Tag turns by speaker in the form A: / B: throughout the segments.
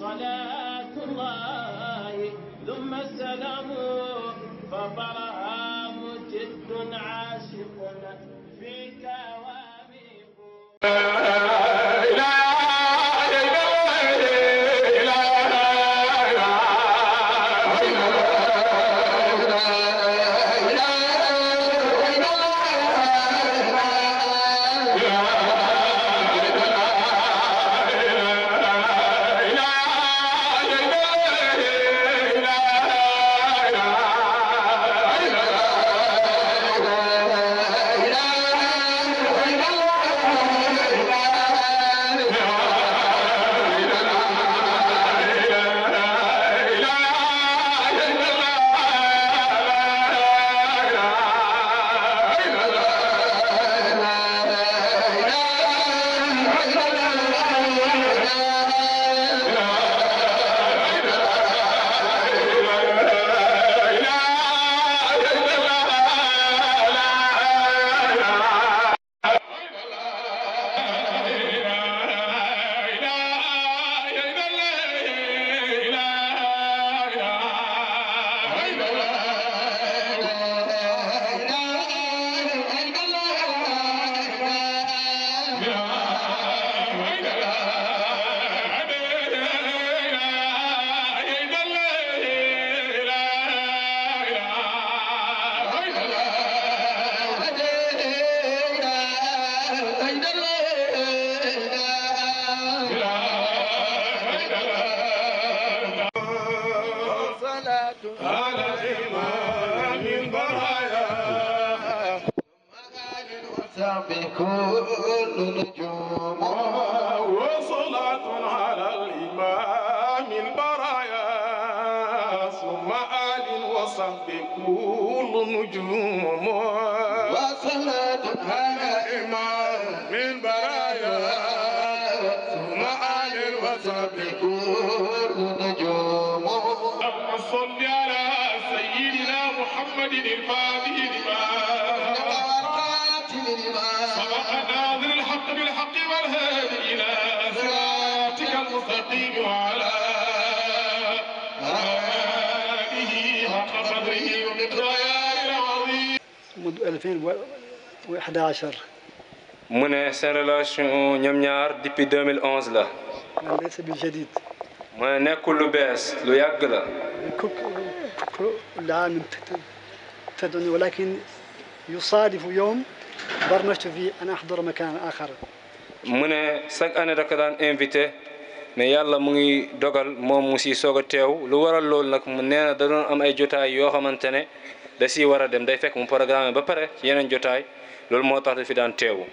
A: صلاة الله ثم السلام فطرها مجد عاشق فيك واميق نستقيم على رائه حق قدره ومقداره
B: العظيم منذ 2011
C: mu ne seen relation ñoom ñaar depuis 2011 la mu
B: ne laysa bi jadid
C: mu ne nekkul lu bees lu yàgg la
B: كل عام تدعوني ولكن يصادف يوم برمجت فيه أن أحضر مكان آخر
C: mu ne chaque année da ko daan invité ne yàlla mu ngi dogal moom mu si soog a teew lu waral loolu nag mu nee na da doon am ay jotaay yoo xamante ne da si war a dem day fekk mu programme ba pare ci yeneen jotaay loolu moo tax da fi daan teewu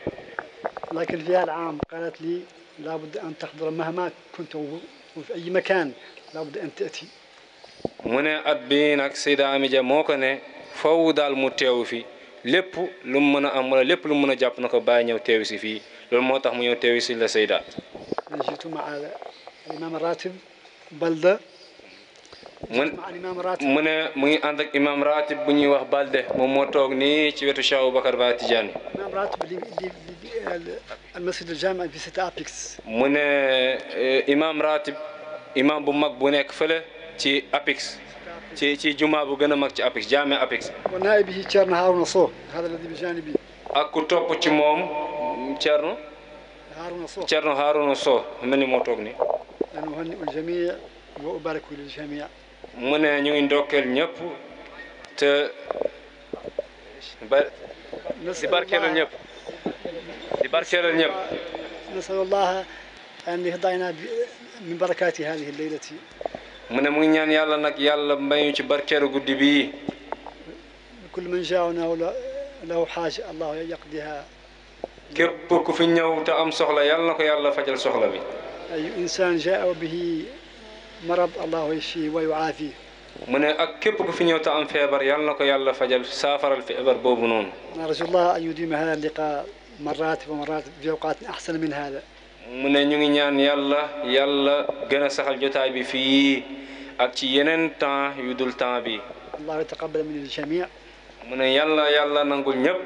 B: لكن في العام قالت لي لابد أن تحضر مهما كنت وفي أي مكان لابد أن تأتي
C: mu ne at bi nag Seyda Amija moo ko ne faw daal mu teew fi lépp lu mu mën a am wala lépp lu mu mën a jàpp na ko bàyyi ñëw teew si fii loolu moo tax mu ñëw teew si la Seyda
B: مشيت مع الإمام الراتب بلدة mën mu ne
C: mu ngi ànd ak imam ratib bu ñuy wax Balde moom moo toog nii ci wetu Cheikh Aboubacar Ba Tidiane.
B: imam ratib li li al masjid al jami bi cité Apix. mu
C: ne imam ratib imam bu mag bu nekk fële ci Apix ci ci juma bu gën a mag ci Apix jami Apix.
B: wa naa'ibihi Thierno Harouna Sow. hada alladi bi janibi.
C: ak ku topp ci moom Thierno. هارون صو ceerno haaruna sow mel ni moo toog ni
B: an uhanni'u l-jamii' wa ubaariku lil-jamii'
C: mu ne ñu ngi ndokkeel ñëpp te di barkeelal ñëpp di barkeelal ñëpp
B: nasalu llaha an yahdiyanaa min barakaati haadihi l-laylati
C: mu ne mu ngi ñaan yàlla nag yàlla mayu ci barkeeru guddi bii
B: kullu man jaa'anaa lahu haaja allahu yaqdihaa
C: képp ku fi ñëw te am soxla yàlla na ko yàlla fajal soxla bi
B: ay insaan jaa bihi marad allahu yashfi wa yuaafi
C: mu ne ak képp ku fi ñëw te am feebar yàlla na ko yàlla fajal saafaral feebar boobu noonu
B: narjullah an yudima hada liqa marat wa marat fi awqatin ahsana min hada
C: mu ne ñu ngi ñaan yàlla yàlla gën a saxal jotaay bi fii ak ci yeneen temps yu dul temps bi
B: allah yataqabbal min al jamii
C: mu ne yàlla yàlla nangul ñëpp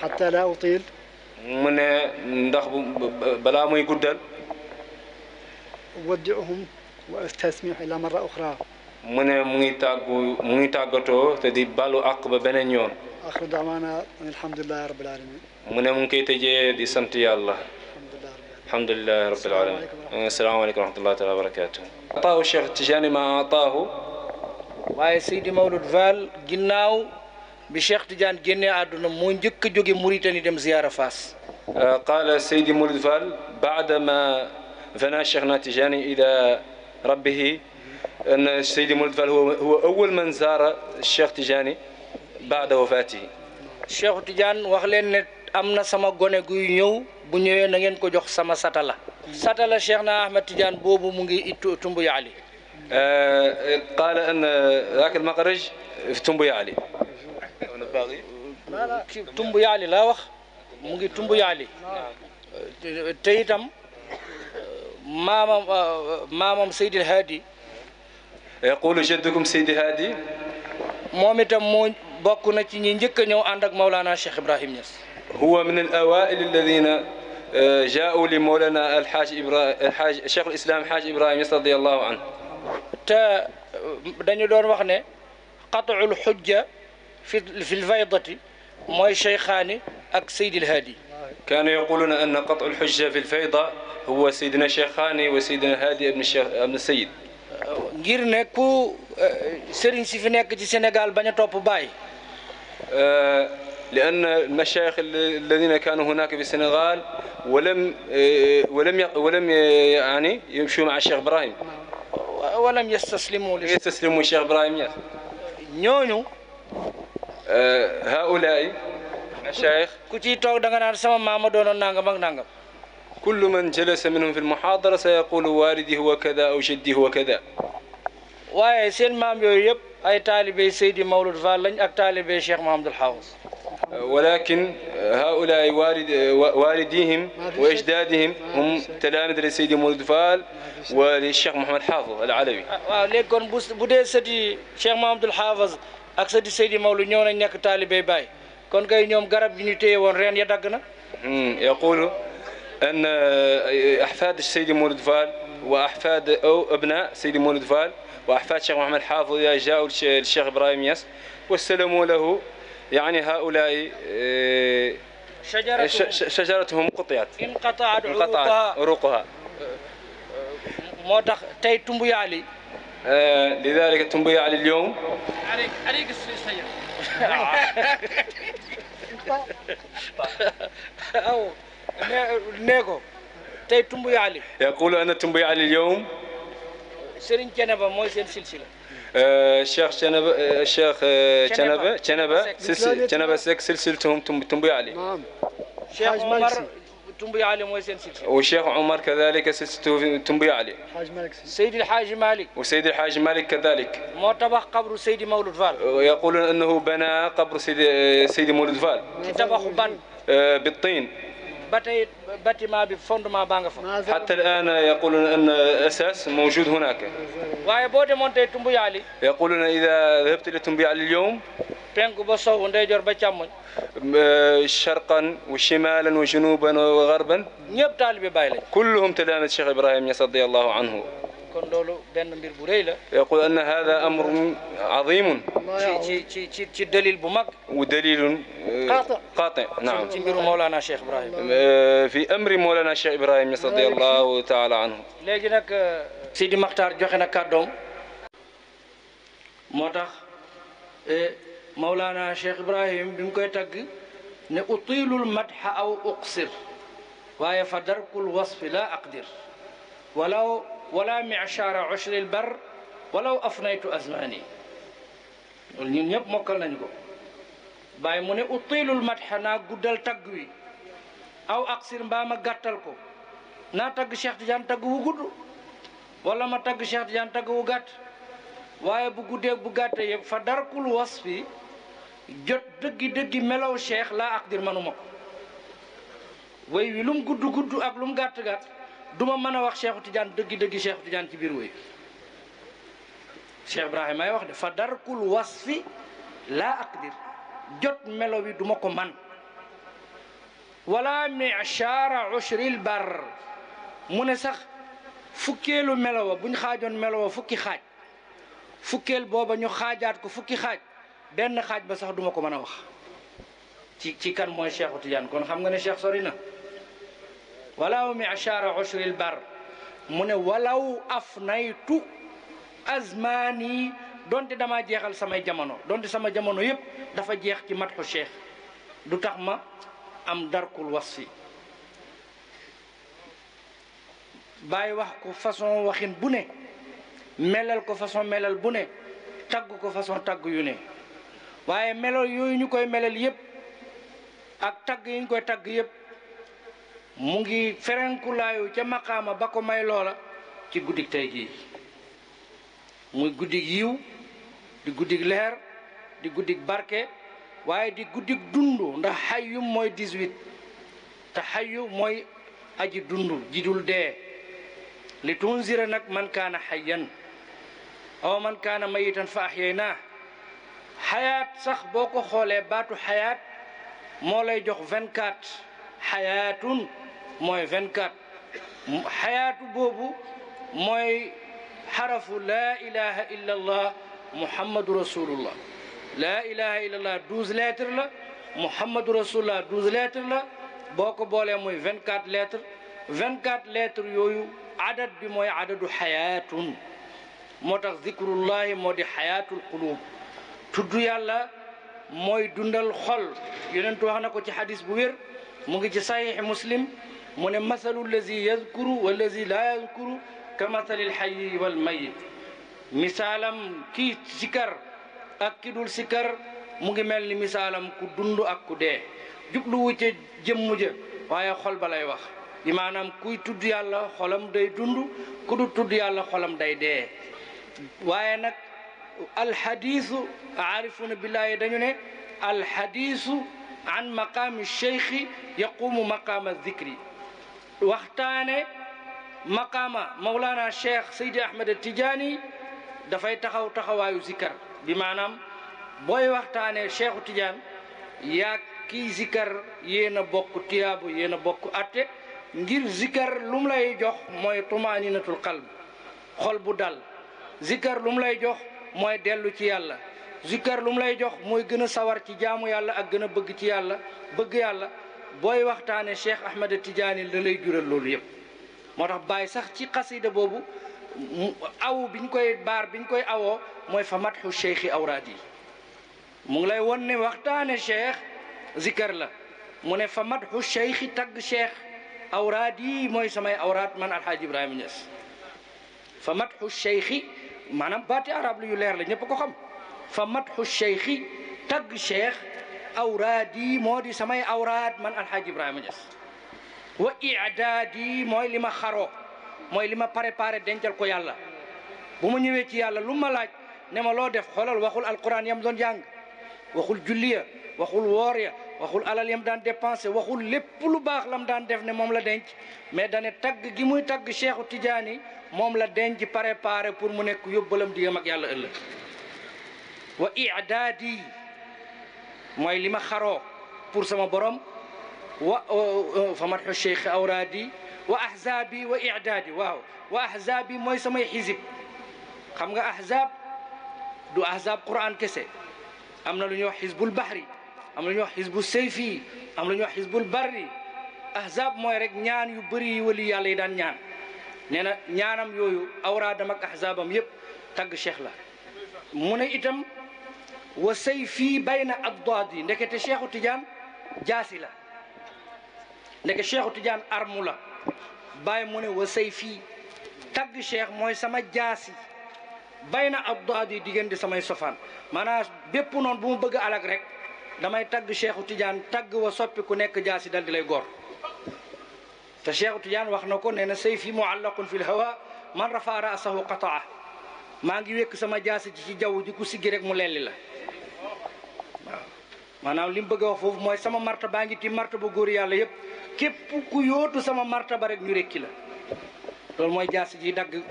B: xata la util
C: mu ne ndax balaa muy guddal
B: waddiuhum wa astasmiu ila marra oxra
C: mu ne mu ngi tàggu mu ngi tàggatoo te di balu àq ba beneen yoon
B: axru daawaana alhamdulilahi rabbil alamin
C: mu ne mu ngi koy tëjee di sant yàlla alhamdulilahi rabbil alamin asalaamaaleykum wa rahmatullahi taala wa barakatu ataahu Cheikh Tijani ma ataahu
D: waaye Seydi Maodo Fall ginnaaw bi Cheikh Tidiane génnee àdduna moo njëkk a jóge Mauritanie dem ziyaara Faas.
C: Euh, qaala Seydi Mourid Fall baadama fana Cheikhna Tidiane ila rabbihi أن سيدي مولد فال هو هو أول من زار
D: الشيخ تيجاني بعد وفاته. Cheikh Tidiane wax leen ne am na sama gone guy ñëw bu ñëwee na ngeen ko jox sama satala. satala Cheikh na Ahmed Tidiane boobu mu ngi ittu Tumbuyaali. قال euh, أن ذاك المخرج في Tumbuyaali. ki tumb yaali laa wax mu ngi tumb yaali te itam maamam maamam Seydil Haadi
C: yaqulu jaddukum Seydi Haadi
D: moom itam moo bokk na ci ñi njëkk a ñëw ànd ak Maulana Cheikh Ibrahim Niass
C: huwa min al awail alladina uh, jaau li Maulana alxaaj Ibrahim alxaaj Cheikh al Islam xaaj Ibrahim Niass radiallahu anhu
D: te uh, dañu doon wax ne qat'ul xujja fi fi lfaydati mooy cheykhaani ak saydil
C: haadi kaanu yaquluuna anna qatu lxujja fi lfayda huwa saydina cheykhaani wa saydina haadi ibn cheikh ibn sayid
D: ngir ne ku eh, sëriñ si fi nekk ci Sénégal bañ a topp Baye
C: لأن المشايخ الذين كانوا هناك في السنغال ولم ولم ولم يعني يمشوا مع الشيخ إبراهيم ولم يستسلموا يستسلموا الشيخ إبراهيم نيونو Euh, haulaai mashaayix ku ciy toog da nga naan sama maama doonoon nangam ak nangam kullu man jalasa minhum fi lmuhaadara sa yaqulu walidi huwa kada aw jaddi huwa kada
D: waaye seen maam yooyu yëpp ay taalibey Seydi Mawlud Fall lañ ak taalibey Cheikh Mahamadul Xaafis
C: ولكن
D: هؤلاء
C: والد والديهم واجدادهم هم تلامذه للسيد مولود فال وللشيخ محمد حافظ العلوي
D: waaw léegi kon bu dee sëti Cheikh Mahamadul Xaafis ak sa di Seydi Mawlu ñëw nañ nekk taalibey Baay kon kay ñoom garab gi ñu téye woon reen ya dagg na
C: hmm, yaqulu an eh, ahfad Seydi Mawlud Fall wa ahfad aw abna Seydi Mawlud Fall wa ahfad Cheikh Mohamed Hafid jaa'u Cheikh Ibrahim Niass wassalamu lahu يعني هؤلاء شجرتهم, شجرتهم قطعت انقطعت عروقها moo
D: tax tey Tumbuyaali
C: لذلك تنبيه على اليوم
D: عليك عليك السيف أو نيكو tey Tumbuya Ali.
C: yaqulu ana Tumbuya Ali اليوم.
D: Serigne Thiénaba mooy seen silsila.
C: Cheikh Thiénaba Cheikh Thiénaba Thiénaba Thiénaba Seck silsilatuhum Tumbuya Ali.
D: Cheikh Omar Tumbuya Ali mooy seen silsila. wa
C: Cheikh Omar kadalika silsilatu Tumbuya Ali.
D: Seydi El Hadj Malick.
C: wa Seydi El Hadj Malick kadalik.
D: moo tabax qabru Seydi Mawlud Fall.
C: yaquluna annahu bana qabru Seydi Seydi Mawlud Fall.
D: ci tabaxu ban. bi tiin. ba tey bâtiment bi fondement baa nga fa. حتى الآن يقولون أن
C: أساس موجود هناك.
D: waaye boo demoon tey Tumbuyaali.
C: يقولون إذا ذهبت إلى تومبيالي
D: اليوم. penku ba sow ndeyjoor ba càmmoñ.
C: شرقا وشمالا وجنوبا وغربا.
D: ñëpp taalibe Baay lañ.
C: كلهم تلامذة الشيخ إبراهيم نياس رضي الله عنه.
D: kon loolu benn mbir bu rëy la.
C: yaqul anna hada amrun azimun.
D: ci ci ci ci dalil bu mag.
C: wu dalilun. Euh, qaati qaati naam. ci
D: mbiru Mawlana Cheikh Ibrahim.
C: Euh, fi amri Mawlana Cheikh Ibrahim radiyallahu taala anhu.
D: léegi nag euh, Sidi Maxtaar joxe na kàddoom moo tax Mawlana Cheikh Ibrahim bi mu koy tagg ne utilul madha aw uqsir waaye fa darkul wasfi la aqdir walaw wala michara ushril bar walaw afnaytu azmani loolu ñun ñëpp mokkal nañu ko bàyyi mu ne utiilul madxa naa guddal tagg wi aw aksir mbaa gàttal ko naa tagg Cheikh Tidiane tagg wu gudd wala ma tagg Cheikh Tidiane tagg wu gàtt waaye bu guddee bu gàttee yëpp fa darkul wasfi jot dëggi-dëggi melaw cheikh laa ak dir manuma ko way wi lum gudd gudd ak lum gàtt gàtt duma ma mën a wax Cheikhu Tidiane dëggi-dëggi Cheikhu Tidiane ci biir woy Cheikh Ibrahima ay wax de fa darkul wasfi laa aqdir jot melo wi duma ko man wala michara ushril bar mu ne sax fukkeelu melo buñ xaajoon melo fukki xaaj fukkeel booba ñu xaajaat ko fukki xaaj benn xaaj ba sax duma ko mën a wax ci ci kan mooy Cheikhu Tidiane kon xam nga ne Cheikh sori na walaw michara ushril bar mu ne walaw af naytu azmaani donte dama jeexal samay jamono donte sama jamono yépp dafa jeex ci matxu cheikh du tax ma am darkul wassi bay wax ko façon waxin bu ne melal ko façon melal bu ne tagg ko façon tàgg yu ne waaye melal yooyu ñu koy melal yépp ak tagg yi ñu koy tagg yépp mu ngi ferenkulaayu ca maqaama ba ko may loola ci guddik tey jii muy guddik yiw di guddik leer di guddik barke waaye di guddik dund ndax xayu mooy 18 te xayu mooy aji dund jidul dee li tunzira nag man kaana yan aw man kaana mayitan fa axyaynaa xayaat sax boo ko xoolee baatu xayaat moo lay jox 24 xayaatun mooy 24 xayaatu boobu mooy xarafu laa ilaha illa allah muhammadu rasulullah laa ilaha illa allah douze lettres la muhammadu rasulullah douze lettres la boo ko boolee muy 24 lettres 24 lettres yooyu adad bi mooy adadu xayaatun moo tax zikrullahi moo di xayaatul qulub tudd yàlla mooy dundal xol yonentu wax na ko ci xadis bu wér mu ngi ci saxiix muslim mu ne masalu lazi yazkuru wallazi laa yazkuru ka masalil xayi wal mayit misaalam kii sikar ak ki dul sikar mu ngi mel ni misaalam ku dund ak ku dee jubluwu ca jëmm ja waaye xol ba lay wax di kuy tudd yàlla xolam day dund ku du tudd yàlla xolam day dee waaye nag alxadiisu aarifuuna billaahi dañu ne alxadiisu an maqaami cheikhi yaqumu maqaama zikri waxtaane maqaama Mawlana Cheikh Seydi Ahmed Tidiane dafay taxaw taxawaayu sikar bi maanaam booy waxtaane Cheikhu Tidiane yaa kii sikar yéen a bokk tiyaabu yéen a bokk atte ngir zikkar lum lay jox mooy tumaaninatul qalb xol bu dal zikkar lum lay jox mooy dellu ci yàlla zikkar lum lay jox mooy gën a sawar ci jaamu yàlla ak gën a bëgg ci yàlla bëgg yàlla booy waxtaane Cheikh Ahmed Tidiane da lay jural loolu yëpp moo tax bàyyi sax ci xasida boobu aw biñ koy baar biñ koy awoo mooy fa matxu cheikhi awraad yi mu ngi lay won ne waxtaane cheikh zikar la mu ne fa matxu cheikhi tagg cheikh awraad yi mooy samay awraad man alxaaji ibrahima Niass fa mat matxu cheikhi maanaam baati arab lu yu leer la ñëpp ko xam fa matxu cheikhi tagg cheikh awraad yi moo di samay awraad man an alxaaji ibrahima Niass wa idaad yi mooy li ma xaroo mooy li ma préparé dencal ko yàlla bu ma ñëwee ci yàlla lu ma laaj ne ma loo def xoolal waxul alquran yam doon jàng waxul julliya waxul woor ya waxul alal yam daan dépensé waxul lépp lu baax lam daan def ne moom la denc mais dane tagg gi muy tagg Cheikhu Tidiane moom la denc préparé pour mu nekk yóbbalam digam ak yàlla ëllë mooy li ma xaro pour sama borom wa fa madxu cheikh awraadi wa ahzaabi wa idaadi waaw wa ahzaabi mooy samay xisib xam nga ahzaab du ahzaab quran kese am na lu ñuy wax xisbul bahri am na lu ñuy wax xisbu sayfi am na lu ñuy wax xisbul barri ahzaab mooy rek ñaan yu bëri yi wali yàlla yi daan ñaan nee na ñaanam yooyu awraadam ak ahzaabam yëpp tagg cheikh la wa say fii bay na bayna addaad yi ndekete Cheikhu Tidiane jaasi la ndeke Cheikhu Tidiane armu la bàyyi mu ne wa say fii tagg cheikh mooy sama jaasi bayna addaad yi diggante samay sofaan maanaam bépp noon bu mu bëgg alag rek damay tagg Cheikhu Tidiane tagg wa soppi ku nekk jaasi dal di lay gor te Cheikhu Tidiane wax na ko nee na say fii muallaqun fi lhawa man rafa raasahu qataa maa ngi wekk sama jaasi ci ci jaww ji ku siggi rek mu lelli la maanaam li mu bëgg a wax foofu mooy sama marta baa ngi tiim marta ba góor yàlla yëpp képp ku yóotu sama marta ba rek ñu rekki la loolu mooy jaas ji dagg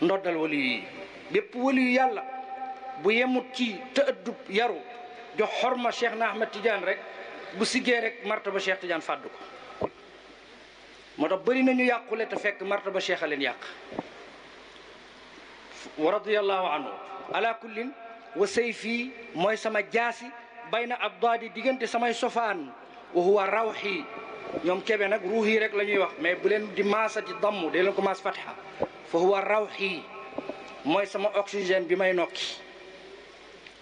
D: ndoddal wali yi bépp wali yàlla bu yemut ci tëddub yaru jox xorma Cheikh na Ahmed Tidiane rek bu siggee rek marta ba Cheikh Tidiane fàddu ko moo tax bëri nañu yàqule te fekk marta ba Cheikh a leen yàq radiyallahu anhu ala kullin wa sayfi mooy sama jaasi bayna abdaadi diggante samay sofaan wa huwa rawxi ñoom kebe nag ruuxi rek lañuy wax mais bu leen di maasati damm de leen ko maas fatxa fa huwa rawxi mooy sama oxygène bi may nokki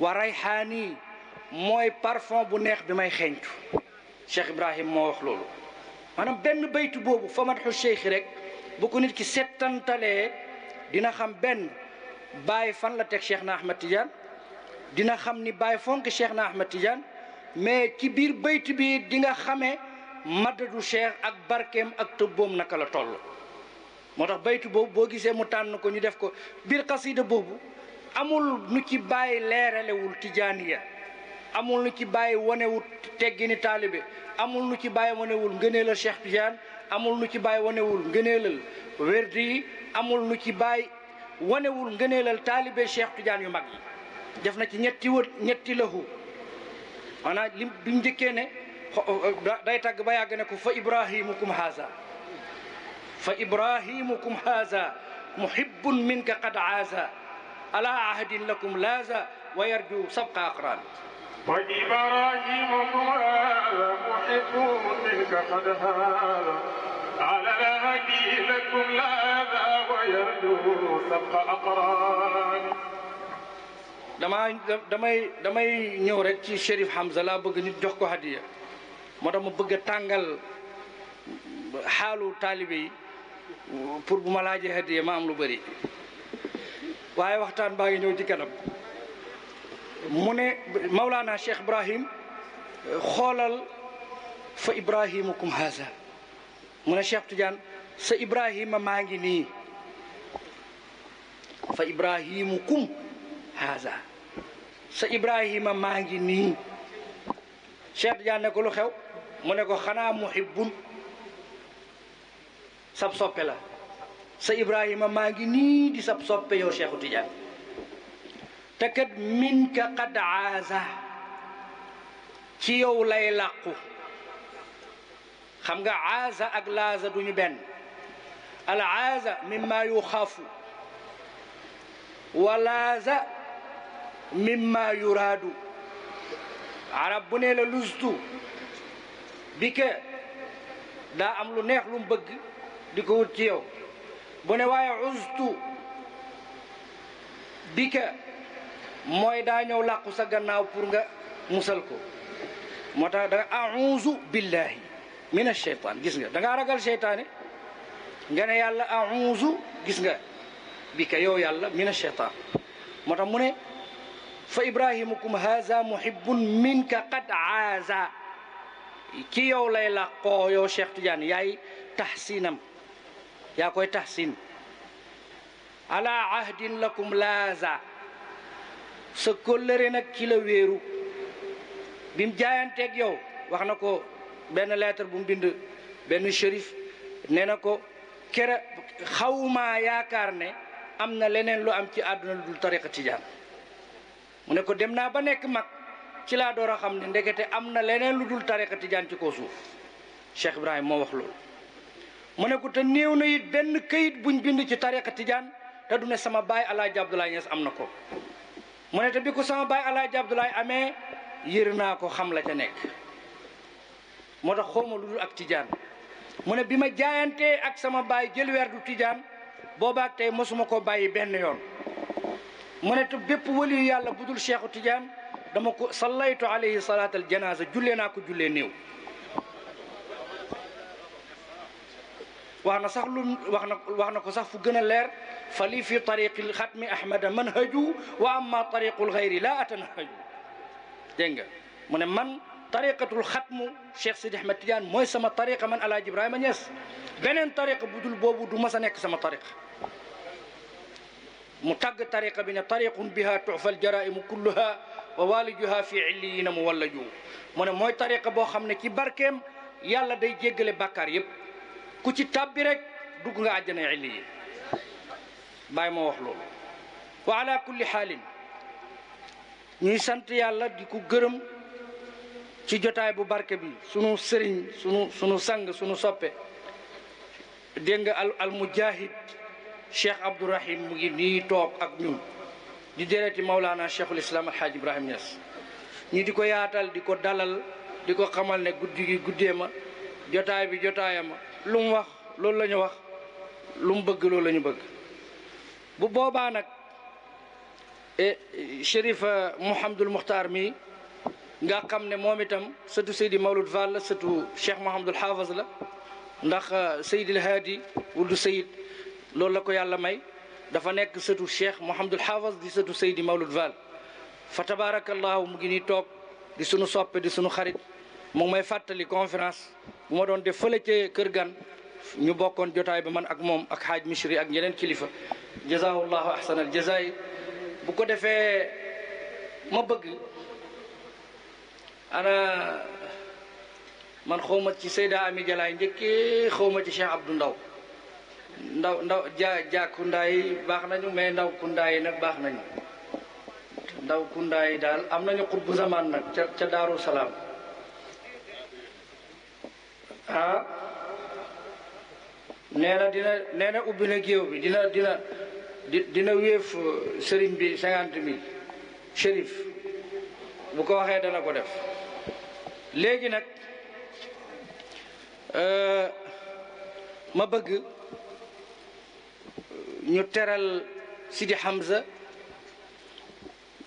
D: wa rayxaani mooy parfum bu neex bi may xeeñtu Cheikh Ibrahim moo wax loolu maanaam benn baytu boobu fa madxu cheikh rek bu ko nit ki settantalee dina xam benn bàyyi fan la teg Cheikh na Ahmad Tidiane dina xam ni Baye fonk Cheikh na Ahmed Tidiane mais ci biir bayt bi dinga xamee xamee madadu Cheikh ak barkeem ak tëbboom naka la toll. moo tax baytu boobu boo gisee mu tànn ko ñu def ko biir xasida boobu amul nu ci bàyyi leeralewul tijaaniya amul nu ci bàyyi wanewul teggini taalibe amul nu ci bàyyi wanewul ngëneelal Cheikh Tidiane amul nu ci bàyyi wanewul ngëneelal werdi yi amul nu ci bàyyi wanewul ngëneelal taalibe Cheikh Tidiane yu mag yi def na ci ñetti wët ñetti lahu maanaam lim duñ njëkkee ne day tàgg ba yàgg ne ko fa ibrahimukum haza fa ibrahimukum haza muhibbun minka qad aaza ala ahdin lakum laaza wa yarju sabqa aqran وإبراهيم محب منك
A: قد هذا على هدي لكم لا ذا ويرجو سبق أقران
D: damaa damay damay ñëw rek ci Chérif Hamza laa bëgg ñu jox ko hadiya moo tax ma bëgg a tàngal xaalu taalibe pour bu ma laajee hadiya ma am lu bëri waaye waxtaan baa ngi ñëw ci kanam mu ne Maulana Cheikh Ibrahim xoolal fa ibrahimukum haza mu ne Cheikh Tidiane sa Ibrahima maa ngi nii fa ibrahimukum haza sa Ibrahima maa ngi nii Cheikh Tidiane ne ko lu xew mu ne ko xanaa muhibbun sab soppe la sa Ibrahima maa ngi nii di sab soppe yow Cheikhu Tidiane te kat min ka qad aaza ci yow lay làqu xam nga aaza ak laaza duñu benn al aaza yu yuxaafu wa laaza mimma yuraadu arab bu ne la lustu bi daa am lu neex lu bëgg di ko wut ci yow bu waaye ustu bi mooy daa ñëw làqu sa gannaaw pour nga musal ko moo tax danga auzu billahi min asheytan gis nga dangaa ragal seytaane nga ne yàlla auzu gis nga bi ka yow yàlla min asheytan moo fa ibrahimukum haza muhibbun minka qad aaza ci yow lay làqoo yow Cheikh Tidiane yaay taxsinam yaa koy taxsin ala ahdin lakum laaza sa kóllëre nag kilo weeru bim jaayanteeg yow wax na ko benn lettre bu mbind bind benn shérif na ko kere xawmaa yaakaar ne am na leneen lu am ci àdduna lu dul tariqa Tidiane mu ne ko dem naa ba nekk mag ci laa door a xam ne ndekete am na leneen lu dul tariqa tijaan ci koo suuf Cheikh Ibrahim moo wax loolu mu ne ko te néew na it benn kayit buñ bind ci tariqa tijaan te du ne sama baay Alaaji Abdoulaye Niass am na ko mu ne te bi ko sama baay Alaaji Abdoulaye amee yér naa ko xam la ca nekk moo tax xawma lu dul ak tijaan mu ne bi ma jaayantee ak sama baay jël weer du tijaan boobaak tey mosuma ko bàyyi benn yoon mu ne te bépp waliyu yàlla budul Cheikhu Tidiane dama ko sallaytu alayhi salaatal janaasa jullee naa ko jullee néew wax na sax lu wax na wax na ko sax fu gën a leer fa lii fi tariqil xatmi ahmada man haju wa amma tariqul xayri laa atanhaju dégg nga mu ne man tariqatul xatmu Cheikh Sidi Ahmed Tidiane mooy sama tariqa man El Hadj Ibrahima Niass beneen tariqa budul boobu du mas a nekk sama tariqa mu tàgg tariqa bi ne tariqun biha tufal jaraimu kulluha wa walijuha fi illiyina mu wallaju mu ne mooy tariqa boo xam ne ci barkeem yàlla day jéggale bàkkaar yépp ku ci tàbbi rek dugg nga àjjana illi yi bàyyi moo wax loolu wa ala kulli xaalin ñuy sant yàlla di ko gërëm ci jotaay bu barke bi sunu sëriñ sunu sunu sang sunu soppe dégg nga al al cheikh abdourahim mu ngi nii toog ak ñun di dereti maolaana cheikhul islam alhaaj ibrahim Niass ñi di ko yaatal di ko dalal di ko xamal ne guddi guddee ma jotaay bi jotaayam ma lu wax loolu la wax lum bëgg lool lañu bëgg bu boobaa nag e, chérif euh, mouhamadul muxtaar mi nga xam ne moom itam sëtu seydi mawlud Fall la sëtu cheikh mouhamadul haafaz la ndax euh, seydil haadi wuldu seyid loolu la ko yàlla may dafa nekk sëtu cheikh Mouhamadul Haafas di sëtu Seydi Mawlud Vaal fa tabaarakallaahu mu ngi nii toog di sunu soppe di sunu xarit mu ngi may fàttali conférence bu ma doon def fële Kër Gan ñu bokkoon jotaay ba man ak moom ak xaaj misri ak ñeneen kilifa jazaahullahu ahsanal jazaay bu ko defee ma bëgg ana man xawma ci Seyda Ami Jalaay njëkkee xawma ci Cheikh Abdou Ndaw ndaw ndaw ja jàkkundaa yi baax nañu mais ndaw kundaa yi nag baax nañu ndaw kundaa yi daal am nañu bu zamaan nag ca ca daaru salaam ah nee na dina nee na ubbi na géew bi dina dina dina wéef uh, sëriñ bi cinquante mille shérif bu ko waxee dana ko def léegi nag euh, ma bëgg ñu teral Sidi Hamza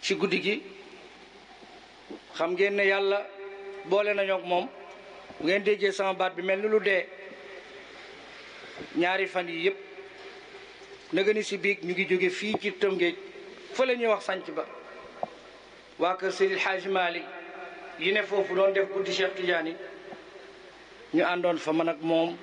D: si guddi gi xam ngeen yàlla boole nañoo ak moom bu ngeen déggee sama baat bi mel ni lu dee ñaari fan yi yëpp naga si biig ñu ngi jóge fii ci Tëngéej fa la ñuy wax sànc ba waa kër Seydi Hadji Malick yi ne foofu doon def guddi Cheikh Tidiane ñu àndoon fa man ak moom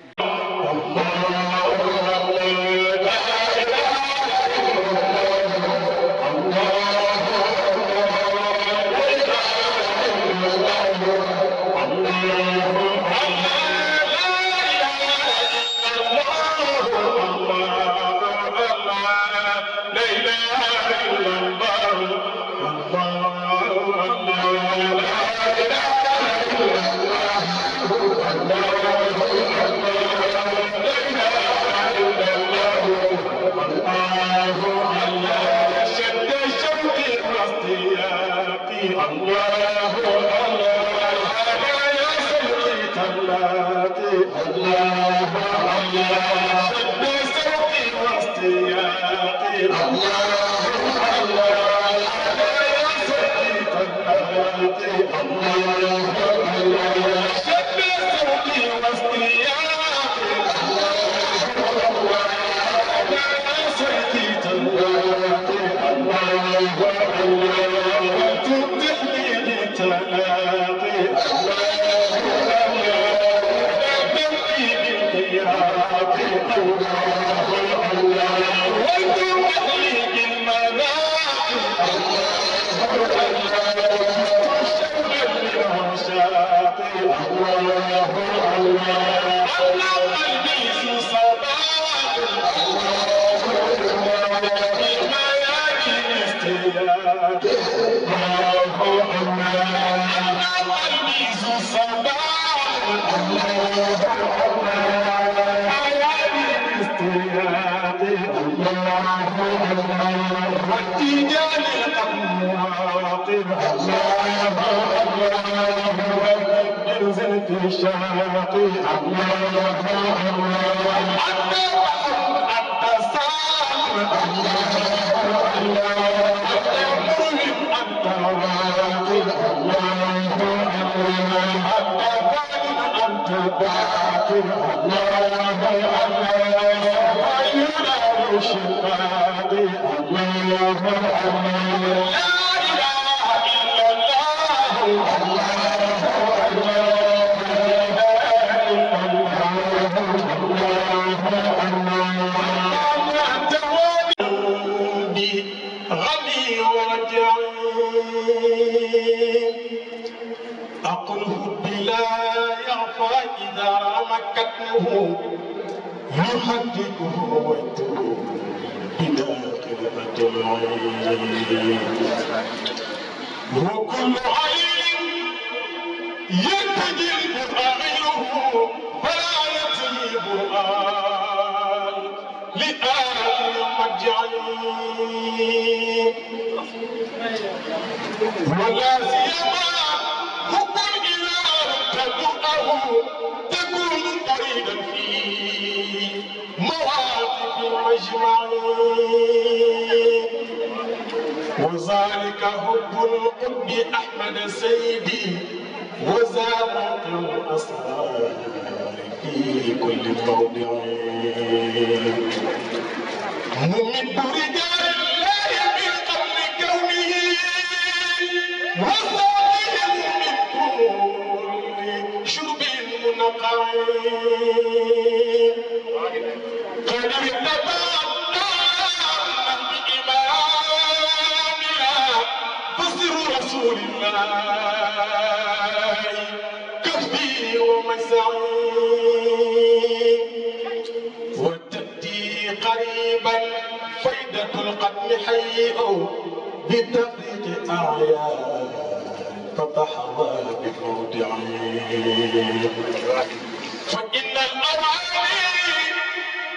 A: الشاطئ الله الله الله يحركه والدور بداق لبة العين وكل عين يتجلب أعينه فلا يطيب آل لآل مجعل حب القطب أحمد سيدي وزارة الأسرار في كل موضع ممد رجال يحيئوا بتفريق أعيان تتحظى بموضعين فإن الأوامر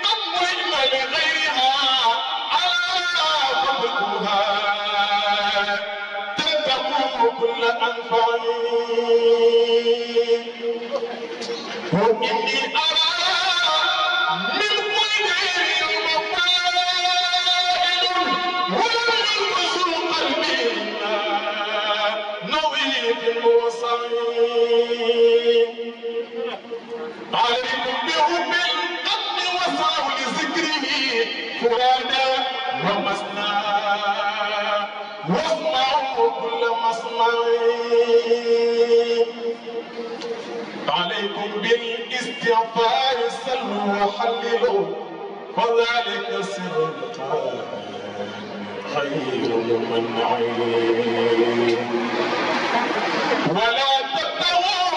A: قد مهم لغيرها على ضبطها تنتهي كل أنفع ذلك سلطان خير من عين ولا تطوع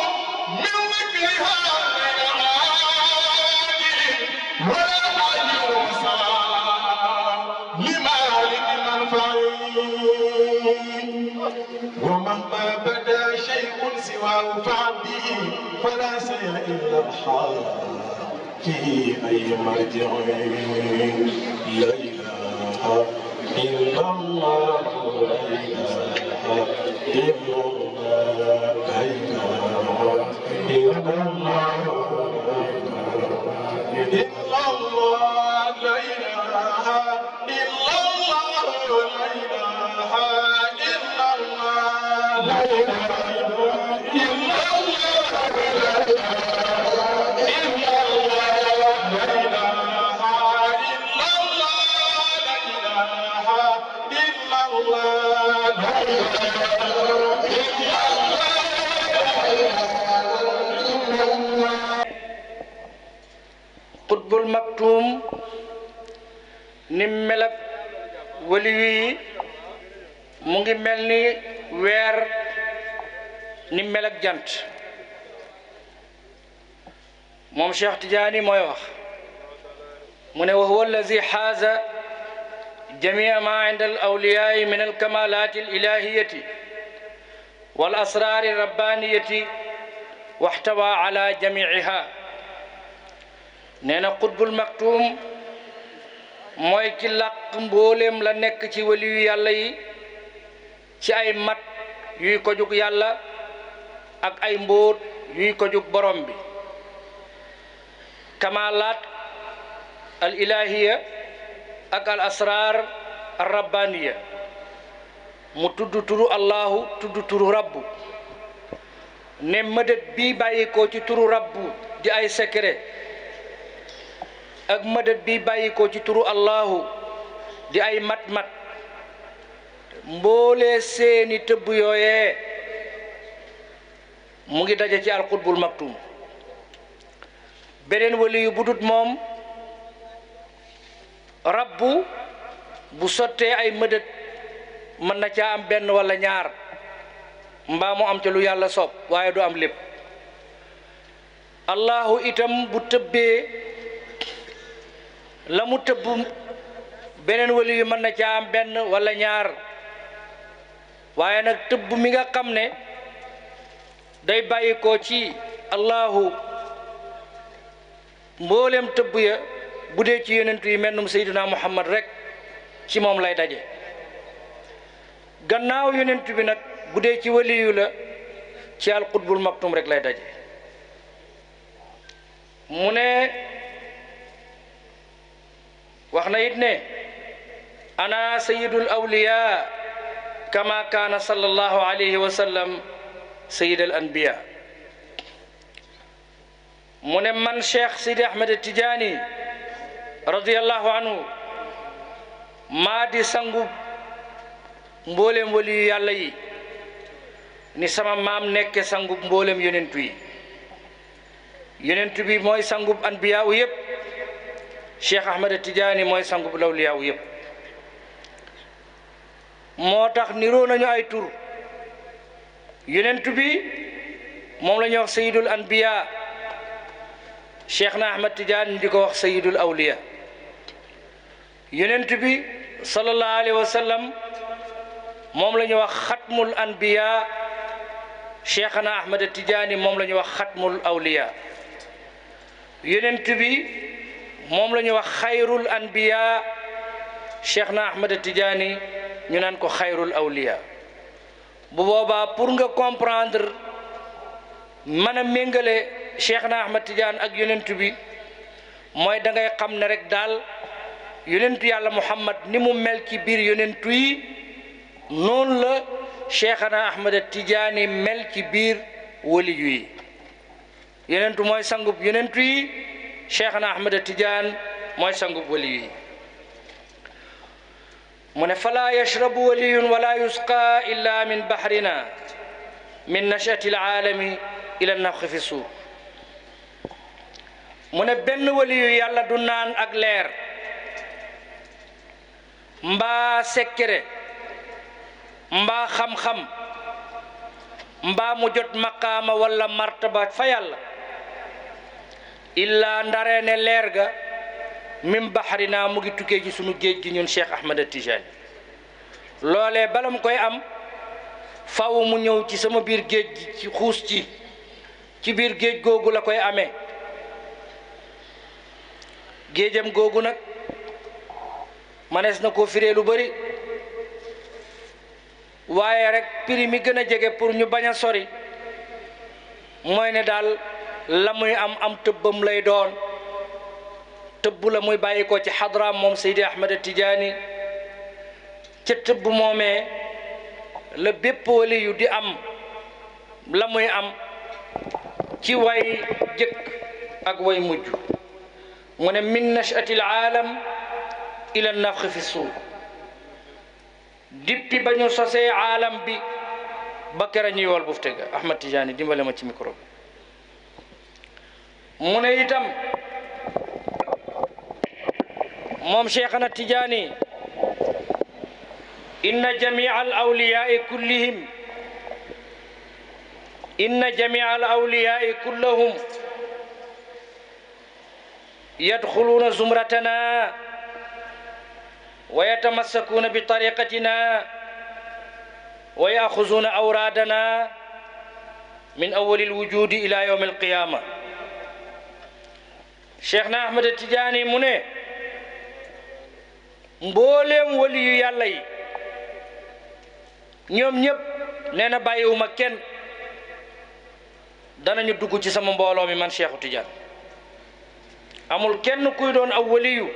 A: من ذكرها من عالي ولا عيوسا لمالك من فعيل ومهما بدا شيء سواه فعن به فلا
B: سيء الا الحال
A: يأتي أي مرجع لا إله إلا الله لا إله إلا الله لا إله إلا الله إلا الله لا إله إلا
D: xutbul maktuum ni mel ak waliyu yi mu ngi mel ni weer ni mel ak jant moom Cheikh Tidiane mooy wax mu ne wa huwa allazi xaaza jamia ma inda al awliyaai min alkamalaati alilahiyati wal asraari rabbaniyati waxtawa ala jamiciha nee na xutbul maktuum mooy ci làq mbooleem la nekk ci wali yàlla yi ci ay mat yuy ko yàlla ak ay mbóot yuy ko jug borom bi kamaalaat al ilahiya ak al asrar al rabbaniya mu tudd turu allahu tudd turu rabbu ne mëdët bi bàyyikoo ci turu rabb di ay secret ak mëdët bi bàyyi ci turu allahu di ay mat-mat mboole seeni tëb yooye mu ngi daje ci alxutbul maktum beneen wali yu budut moom rabbu bu sottee ay mëdët mën na caa am benn walla ñaar mbaa mu am ca lu yàlla soob waaye du am lépp allahu itam bu tëbbee la mu tëbb beneen wali mën na ca am benn walla ñaar waaye nag tëbb mi nga xam ne day bàyyi ko ci allahu mboolem tëbb ya bu dee ci yonentu yi mennum seydina muhammad rek ci moom lay daje gannaaw yonent bi nag bu dee ci waliyu la ci alqutbul maktum rekk lay daje mu ne wax na it ne ana sayidul awliya kama kaana sallallahu alayhi wa mu ne man cheikh sidi ahmed tijaani radiallahu anhu maa di sangu mboolem waliyu yàlla yi ni sama maam nekke sangub mboolem yonentu yi bi mooy sangub anbiyaawu yépp cheikh ahmada tijaani mooy sangub bu lawliyaaw moo tax niroo nañu ay tur yonent bi moom la ñuy wax sayidul anbiya cheikh na ahmad tijaani ñu di ko wax sayidul awliya yonent bi sallallahu alayhi wa moom la wax xatmul anbiya cheikh na ahmad tijaani moom la wax xatmul awliya yonent bi moom la ñuy wax xayrul anbiya cheikh na ahmad tijaani ñu naan ko xayrul awliya bu boobaa pour nga comprendre mën mingale méngale cheikh na ahmad ak yonentu bi mooy dangay xam ne rek daal yonentu yàlla muhammad ni mu mel ci biir yonentu yi noonu la cheikhana ahmad tijaani mel ci biir waliyu yi yonentu mooy sangub yonentu yi Cheikhna Ahmada Tidiane mooy sangub wali yi mu ne falaa yashrabu waliyun wala yusqa illa min bahrina min nachati alaalami ila nafxi fi suuf mu ne benn waliyu yàlla du naan ak leer mbaa sekkere mbaa xam-xam mbaa mu jot maqaama wala martaba fa yàlla illaa ndare ne leer ga min naa mu ngi tukkee ci sunu géej gi ñun Cheikh Ahmada Tijani loolee bala mu koy am faw mu ñëw ci sama biir géej gi ci xuus ci ci biir géej googu la koy amee géejam googu nag manees na koo firee lu bari waaye rek prix mi gën a jege pour ñu bañ a sori mooy ne daal la muy am am tëbbam lay doon tëbb la muy bàyyikoo ci xadraam moom Seydi Ahmed Tidiane ca tëbb moomee la bépp wali di am la muy am ci way jëkk ak way mujj mu ne min nachati l aalam ila nafxi fi suuf dippi ba ñu sosee aalam bi ba kera ñuy wal bufte ga Ahmed Tidiane dimbale ma ci micro mu ne itam moom cheikhana tijaani inna jamia al awliyaai kullihim inna jamia al awliyaai kullahum yadxuluuna zumratana wa yatamassakuuna bi tariqatina wa yaxuzuuna awraadana min awali alwujudi ila yawmi alqiyama cheikh na ahmada tijaani mu ne mbooleem wali yu yàlla yi ñoom ñëpp nee na bàyyiwuma kenn danañu dugg ci sama mbooloo mi man cheikhu tijaan amul kenn kuy doon aw waliyu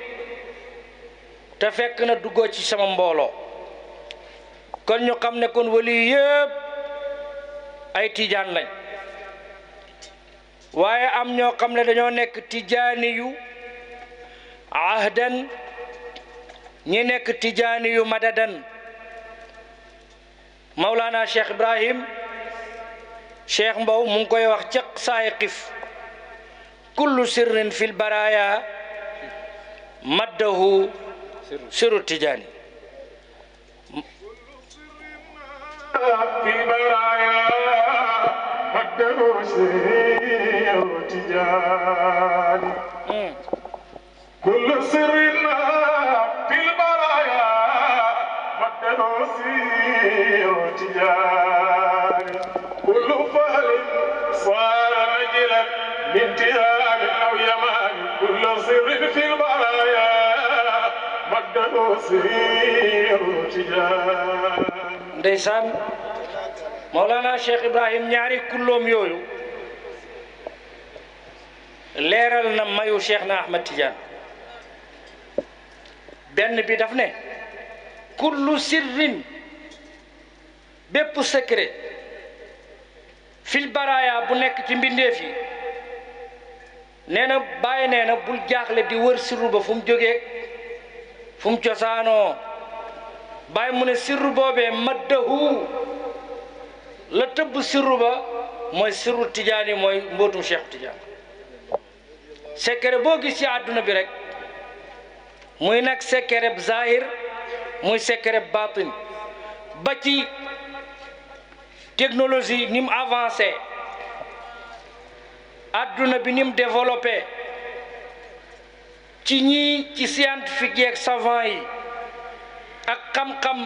D: te fekk na duggoo ci sama mbooloo kon ñu xam ne kon waliyu yëpp ay tiijaan lañ waaye am ñoo xam ne dañoo nekk tijaani yu ahdan ñi nekk tijaani yu madadan Mawlana Cheikh Ibrahim Cheikh Mbow mu ngi koy wax ca saayiqif kullu sirrin fil baraya maddahu siru tijaani
A: البيان كل سر في البرايا مدد سير تجاري كل فهل صار نجلا من تهام او يمان كل سر في البرايا مدد سير
D: تجاري ndeysaan Mawlana Cheikh Ibrahim ñaari kulloom yooyu leeral na mayu Cheikh na Ahmad Tidiane benn bi daf ne kullu sirrin bépp secret fil baraaya bu nekk ci mbindeef yi nee na bàyyi na bul jaaxle di wër sirru ba fum mu fum fu mu cosaanoo bàyyi mu ne sirru boobee maddahu la tëb sirru ba mooy sirru Tidiane yi mooy mbootum Cheikh Tidiane secret boo gis ci àdduna bi rek muy nag secret zahir muy secret batin ba ci technologie ni mu avancé àdduna bi ni mu développé ci ñii ci scientifique yeeg savant yi ak xam-xam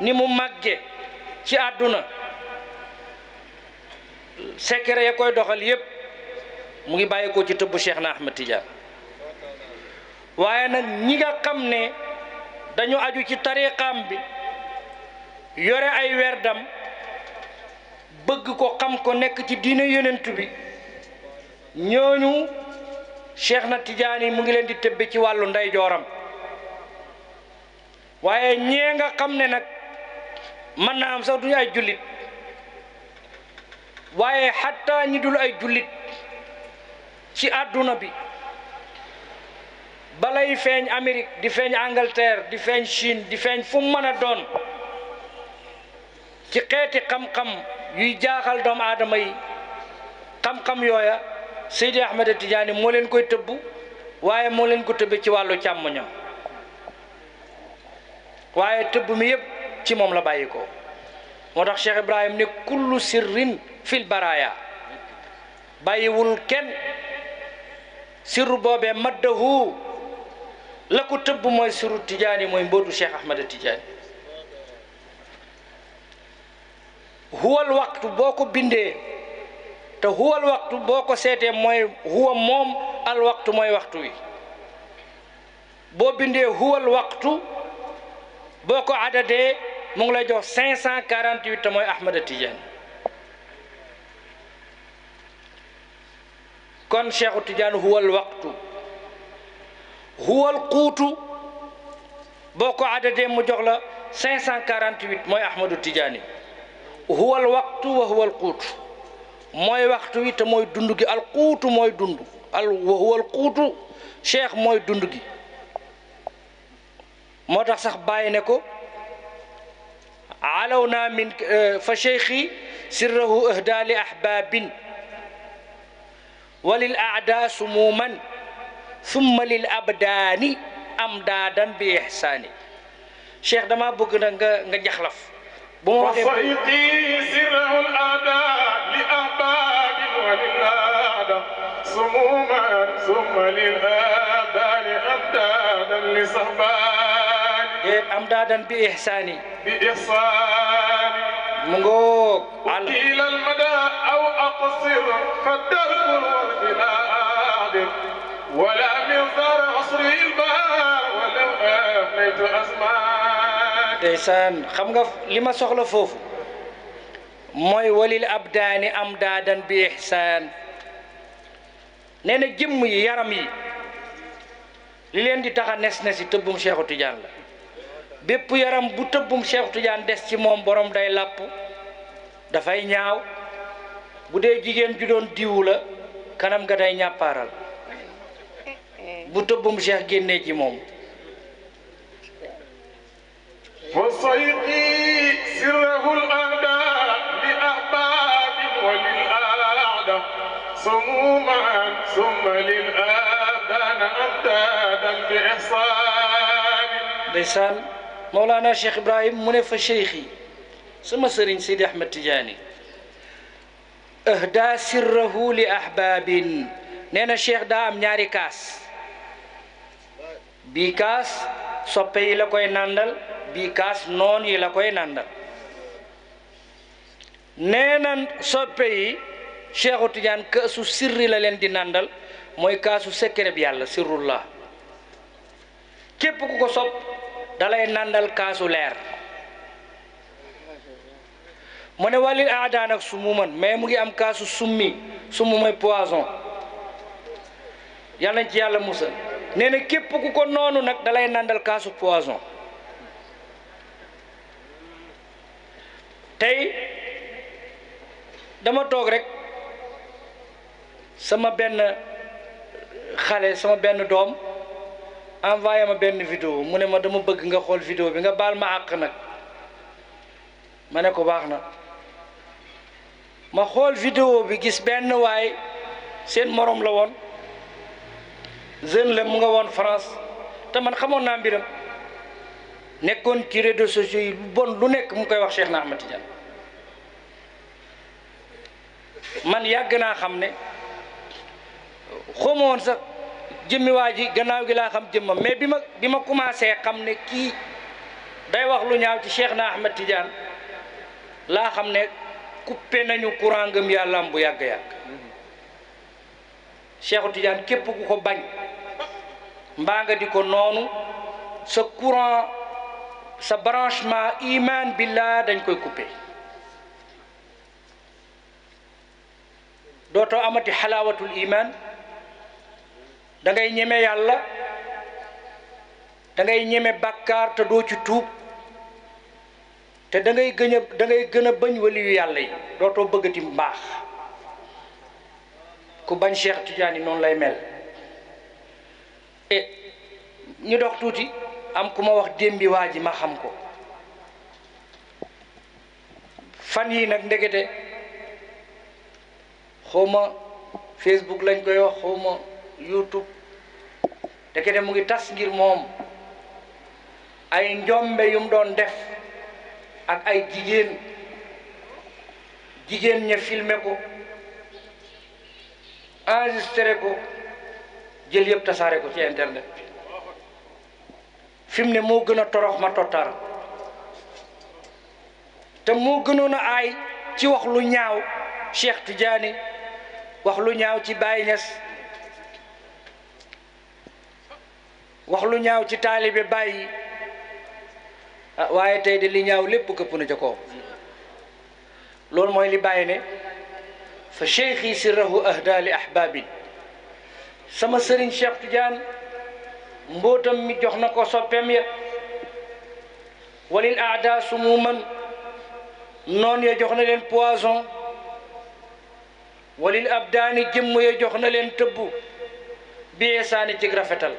D: ni mu màgge ci àdduna secret yee koy doxal yépp mu ngi bàyyi ko ci tëbb Cheikh na Ahmed Tidiane waaye nag ñi nga xam ne dañu aju ci tariqaam bi yore ay werdam bëgg ko xam ko nekk ci diine yonent bi ñooñu Cheikh na Tidiane mu ngi leen di tëbbi ci wàllu ndeyjooram waaye ñee nga xam ne nag mën na am sax duñu ay jullit waaye xatta ñi dul ay jullit ci àdduna bi bala balay feeñ Amérique di feeñ Angleterre di feeñ Chine di feeñ fu mën a doon ci xeeti xam-xam yuy jaaxal doomu aadama yi xam-xam yooya Seydi Ahmed Tidiane moo leen koy tëbb waaye moo leen ko tëbbe ci wàllu càmmoñam waaye tëbb mi yëpp ci moom la bàyyi ko moo tax Cheikh Ibrahim ne kullu sirrin fil baraya bàyyiwul kenn sirru boobee maddahu la ko tëbb mooy sirru tijaani mooy mboodu Cheikh Ahmad Tijaani huwal waxtu boo ko bindee te huwal waxtu boo ko seetee mooy huwa moom al waxtu mooy waxtu wi boo bindee huwal waxtu boo ko adadee mu ngi lay jox 548 mooy Ahmad Tijaani kon cheikhu tidiane huwal waqtu huwal quutu boo ko adadee mu jox la 548 mooy ahmadu tidiane huwal waqtu wa huwal quutu mooy waxtu wi te mooy dund gi mooy dund wa huwal quutu cheikh mooy dund gi moo tax sax bàyyi ne ko alaw naa min fa cheikhi sirrahu ahda li wa lil aadaa sumuman summa lil abdaani am daadan bi ihsaani cheikh dama bëgg na nga nga jaxlaf bu ma waxee sayqi sirrul ada li ahbabi wa lil ada sumuman summa lil
A: abdaani am daadan li sahbaani
D: eh, am daadan bi ihsaani bi
A: ihsaani
D: mu ngoog an
A: mada aw aqsir fa darkul wal binaadir wala min zar asri ilbaar walaw afnaytu
D: asmaa ndeysaan xam nga li ma soxla foofu mooy walil abdaani am daadan bi ihsaan nee na jëmm yi yaram yi li leen di tax a nes-nes yi tëbbum Seexu Tijaan la bépp yaram bu tëbbum Cheikh Tidiane des ci moom boroom day làpp dafay ñaaw bu dee jigéen ju doon diwu la kanam nga day ñàppaaral bu tëbbum Cheikh génnee ji moom
A: wa sayqi sirrahul ahda bi ahbabin wa lil aada sumuman summa lil aadana amdadan bi
B: ihsan
D: Mawlana Cheikh Ibrahim mu ne fa cheikh sama sëriñ Seydi Ahmed Tidiane ahda sirrahu li ahbaabin nee na cheikh daa am ñaari kaas bii kaas soppe yi la koy nàndal bii kaas noon yi la koy nàndal nee na soppe yi cheikhu Tidiane kaasu sirri la leen di nàndal mooy kaasu secret yàlla sirrullah képp ku ko sopp dalay nàndal kaasu leer mu ne wàllil aadaan ak sumuman mais mu ngi am kaasu summi summu mooy poison yàlla nañ ci yàlla musal nee na képp ku ko noonu nag dalay nàndal kaasu poison tey dama toog rek sama benn xale sama benn doom envoyé ma benn vidéo mu ne ma dama bëgg nga xool vidéo bi nga baal ma àq nag ma ne ko baax na ma xool vidéo bi gis benn waay seen morom la woon jeune la mu nga woon France te man xamoon naa mbiram nekkoon ci réseaux sociaux yi lu bon lu nekk mu koy wax Cheikh na Ahmed Tidiane man yàgg naa xam ne xamoon sax jëmmi ji gannaaw gi laa xam jëmmam mais bi ma bi ma commencé xam ne kii day wax lu ñaaw ci Cheikh na Ahmed Tidiane laa xam ne kuppe nañu courant ngëm yàllaam bu yàgg-yàgg Cheikhu Tidiane képp ku ko bañ mbaa nga di ko noonu sa courant sa branchement iman billah dañ koy coupé dootoo amati xalaawatul iman dangay ngay ñeme yàlla da ngay ñeme bàkkaar te doo ci tuub te dangay ngay gën a da ngay gën yàlla yi dootoo bëggati mbaax ku bañ Cheikh Tidiane noonu lay mel e ñu dox tuuti am ku ma wax démbi waa ji ma xam ko fan yii nag ndegete xawma Facebook lañ koy wax xawma YouTube ndekete mu ngi tas ngir moom ay njombe yum doon def ak ay jigéen jigéen ña filmer ko enregistré jël yëpp tasaare ko ci internet bi ne moo gën a torox ma tottar te moo gënoon a aay ci wax lu ñaaw Cheikh Tidiane wax lu ñaaw ci Baye Niass wax lu ñaaw ci taalibe bàyyi ah waaye tey de li ñaaw lépp këpp na ca kaw loolu mooy li bàyyi ne fa cheikhi sirrahu ahda li ahbaabi sama sëriñ Cheikh Tidiane mbóotam mi jox na ko soppeem ya walil aada sumuman noon ya jox na leen poison walil abdaani jëmm ya jox na leen tëbb bi esaani cig rafetal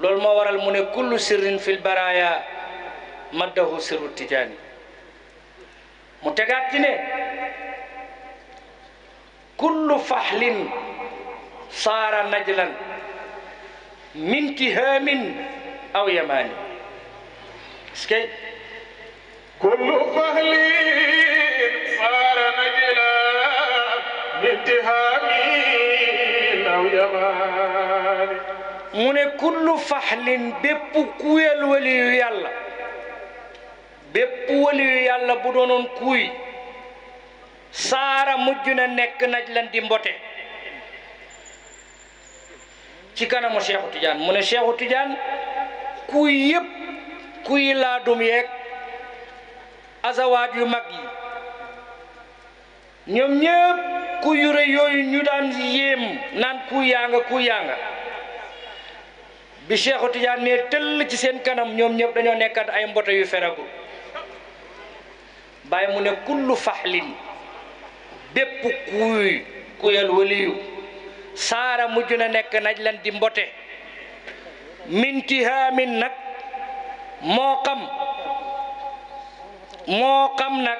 D: loolu moo waral mu ne kullu sirrin fil baraaya maddahu sirru tijaani mu tegaat ci ne kullu faxlin saara najlan min tihaamin aw yamaani parce que kullu
A: faxlin saara najlan min tihaamin aw
D: yamaani mu ne kullu faxlin bépp kuyal waliyu yàlla bépp waliyu yàlla bu doonoon kuuy saara mujj na nekk naj lan di mbote ci kanamu Cheikhu Tidiane mu ne Cheikhu Tidiane kuy yëpp kuy laadum yeeg azawaat yu mag yi ñoom ñëpp ku yooyu ñu daan yéem naan kuy yaa nga bi Cheikhu Tidiane ne tëll ci seen kanam ñoom ñëpp dañoo nekkat ay mboto yu feragu bàyyi mu ne kullu faxlin bépp kuuy kuyal waliyu saara mujj na nekk naj lan di mbote mintihaamin nag moo kam moo xam nag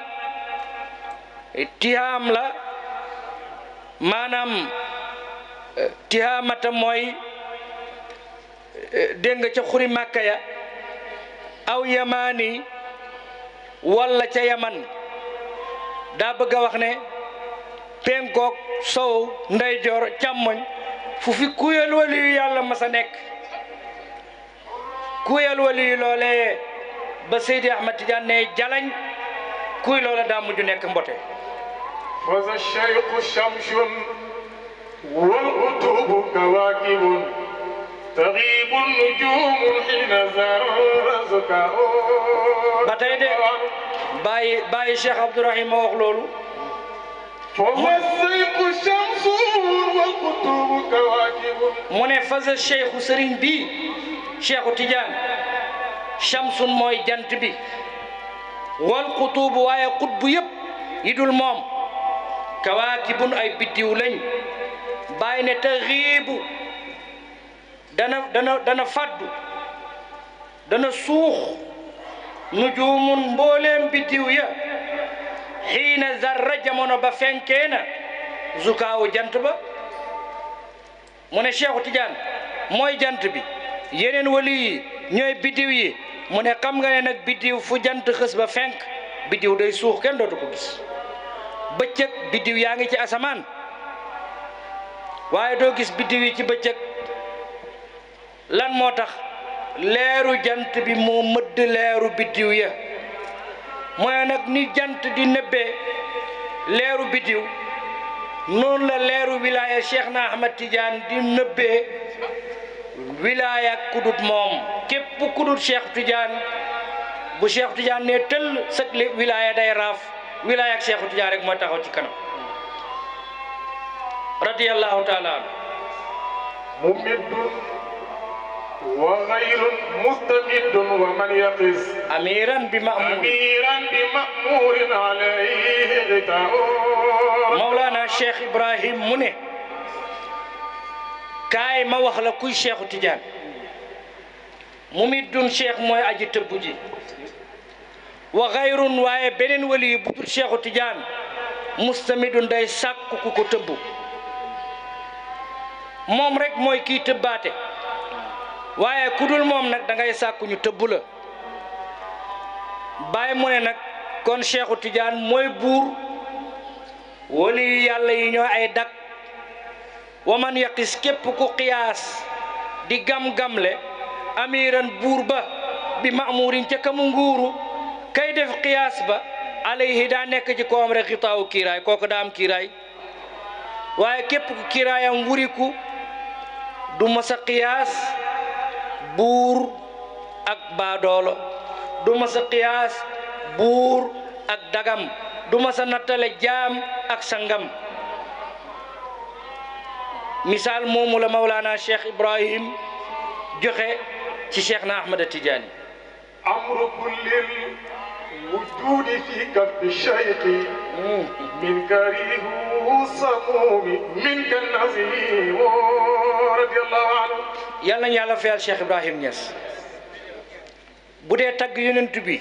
D: tihaam la maanaam eh, tihaamata mooy dégg nga ca xuri màkka ya aw yamaani walla ca yaman daa bëgg wax ne penkook sow ndeyjoor càmmoñ fu fi kuyal wali yu yàlla mas a nekk kuyal wali yu loolee ba Seydi Ahmad Tijaan ne jalañ kuy loola daa mujj nekk mbote fasa cheyqu chamsun wal utubu kawakibun تغيب النجوم حين زرزك ba tey de bàyyi bàyyi Cheikh Abdourahim ma wax loolu. mu ne fasa cheikhu sëriñ bi cheikhu Tidiane Shamsun mooy jant bi wal xutuubu waaye xutbu yëpp yi moom kawaakibun ay biddiw lañ bàyyi ne taxiibu dana dana dana faddu dana suux nujuumun mbooleem biddiw ya xiina zarra jamono ba fenkee na zukaawu jant ba mu ne Cheikhu tijaan mooy jant bi yeneen wali yi ñooy biddiw yi mu ne xam nga ne nag biddiw fu jant xës ba fenk biddiw day suux kenn dootu ko gis bëccëg biddiw yaa ngi ci asamaan waaye doo gis biddiw yi ci bëccëg lan moo tax leeru jant bi moo mëdd leeru biddiw ya mooy nag ni jant di nëbbee leeru biddiw noonu la leeru wilaaya Cheikh na Ahmad Tidiane di nëbbee wilaaya kudut moom képp kudut Cheikh Tidiane bu Cheikh Tidiane ne tëll sëg wilaaya day raaf wilaaya ak Cheikh rek mooy taxaw ci kanam radiyallahu taala وغيل مستمد ومن يقس أميرا بمأمور أميرا kaay ma wax la kuy cheikhu Tidiane mu mit dun mooy aji tëbb ji wa xayrun waaye beneen wali bu dul cheikhu Tidiane mustamidun day sàkku ku ko tëbb moom rek mooy kii tëbbaate waaye ku dul moom nag dangay sàkkuñu sàkku ñu tëbb la bàyyi mu ne nag kon Cheikhu Tidiane mooy buur wali yàlla yi ñoo ay dak waman yaqis képp ku xiyaas di gam-gamle amiran buur ba bi maamurin ca kamu nguuru kay def xiyaas ba alayhi daa nekk ci koom rek xitaawu kiiraay kooku daa am kiiraay waaye képp ku kiiraayam wuriku du masa xiyaas buur ak baadoolo du ma sa buur ak dagam du masa sa nattale jaam ak sangam misaal moomu la Mawlana Cheikh Ibrahim joxe ci Cheikh na Ahmada Tidiane
A: amru kullil
D: wujudi fi kafi
A: shayqi hmm. min karihu samumi min kanazim
D: yàlla na yal nañu yàlla fayal Cheikh Ibrahim Niass bu dee tagg yonent bi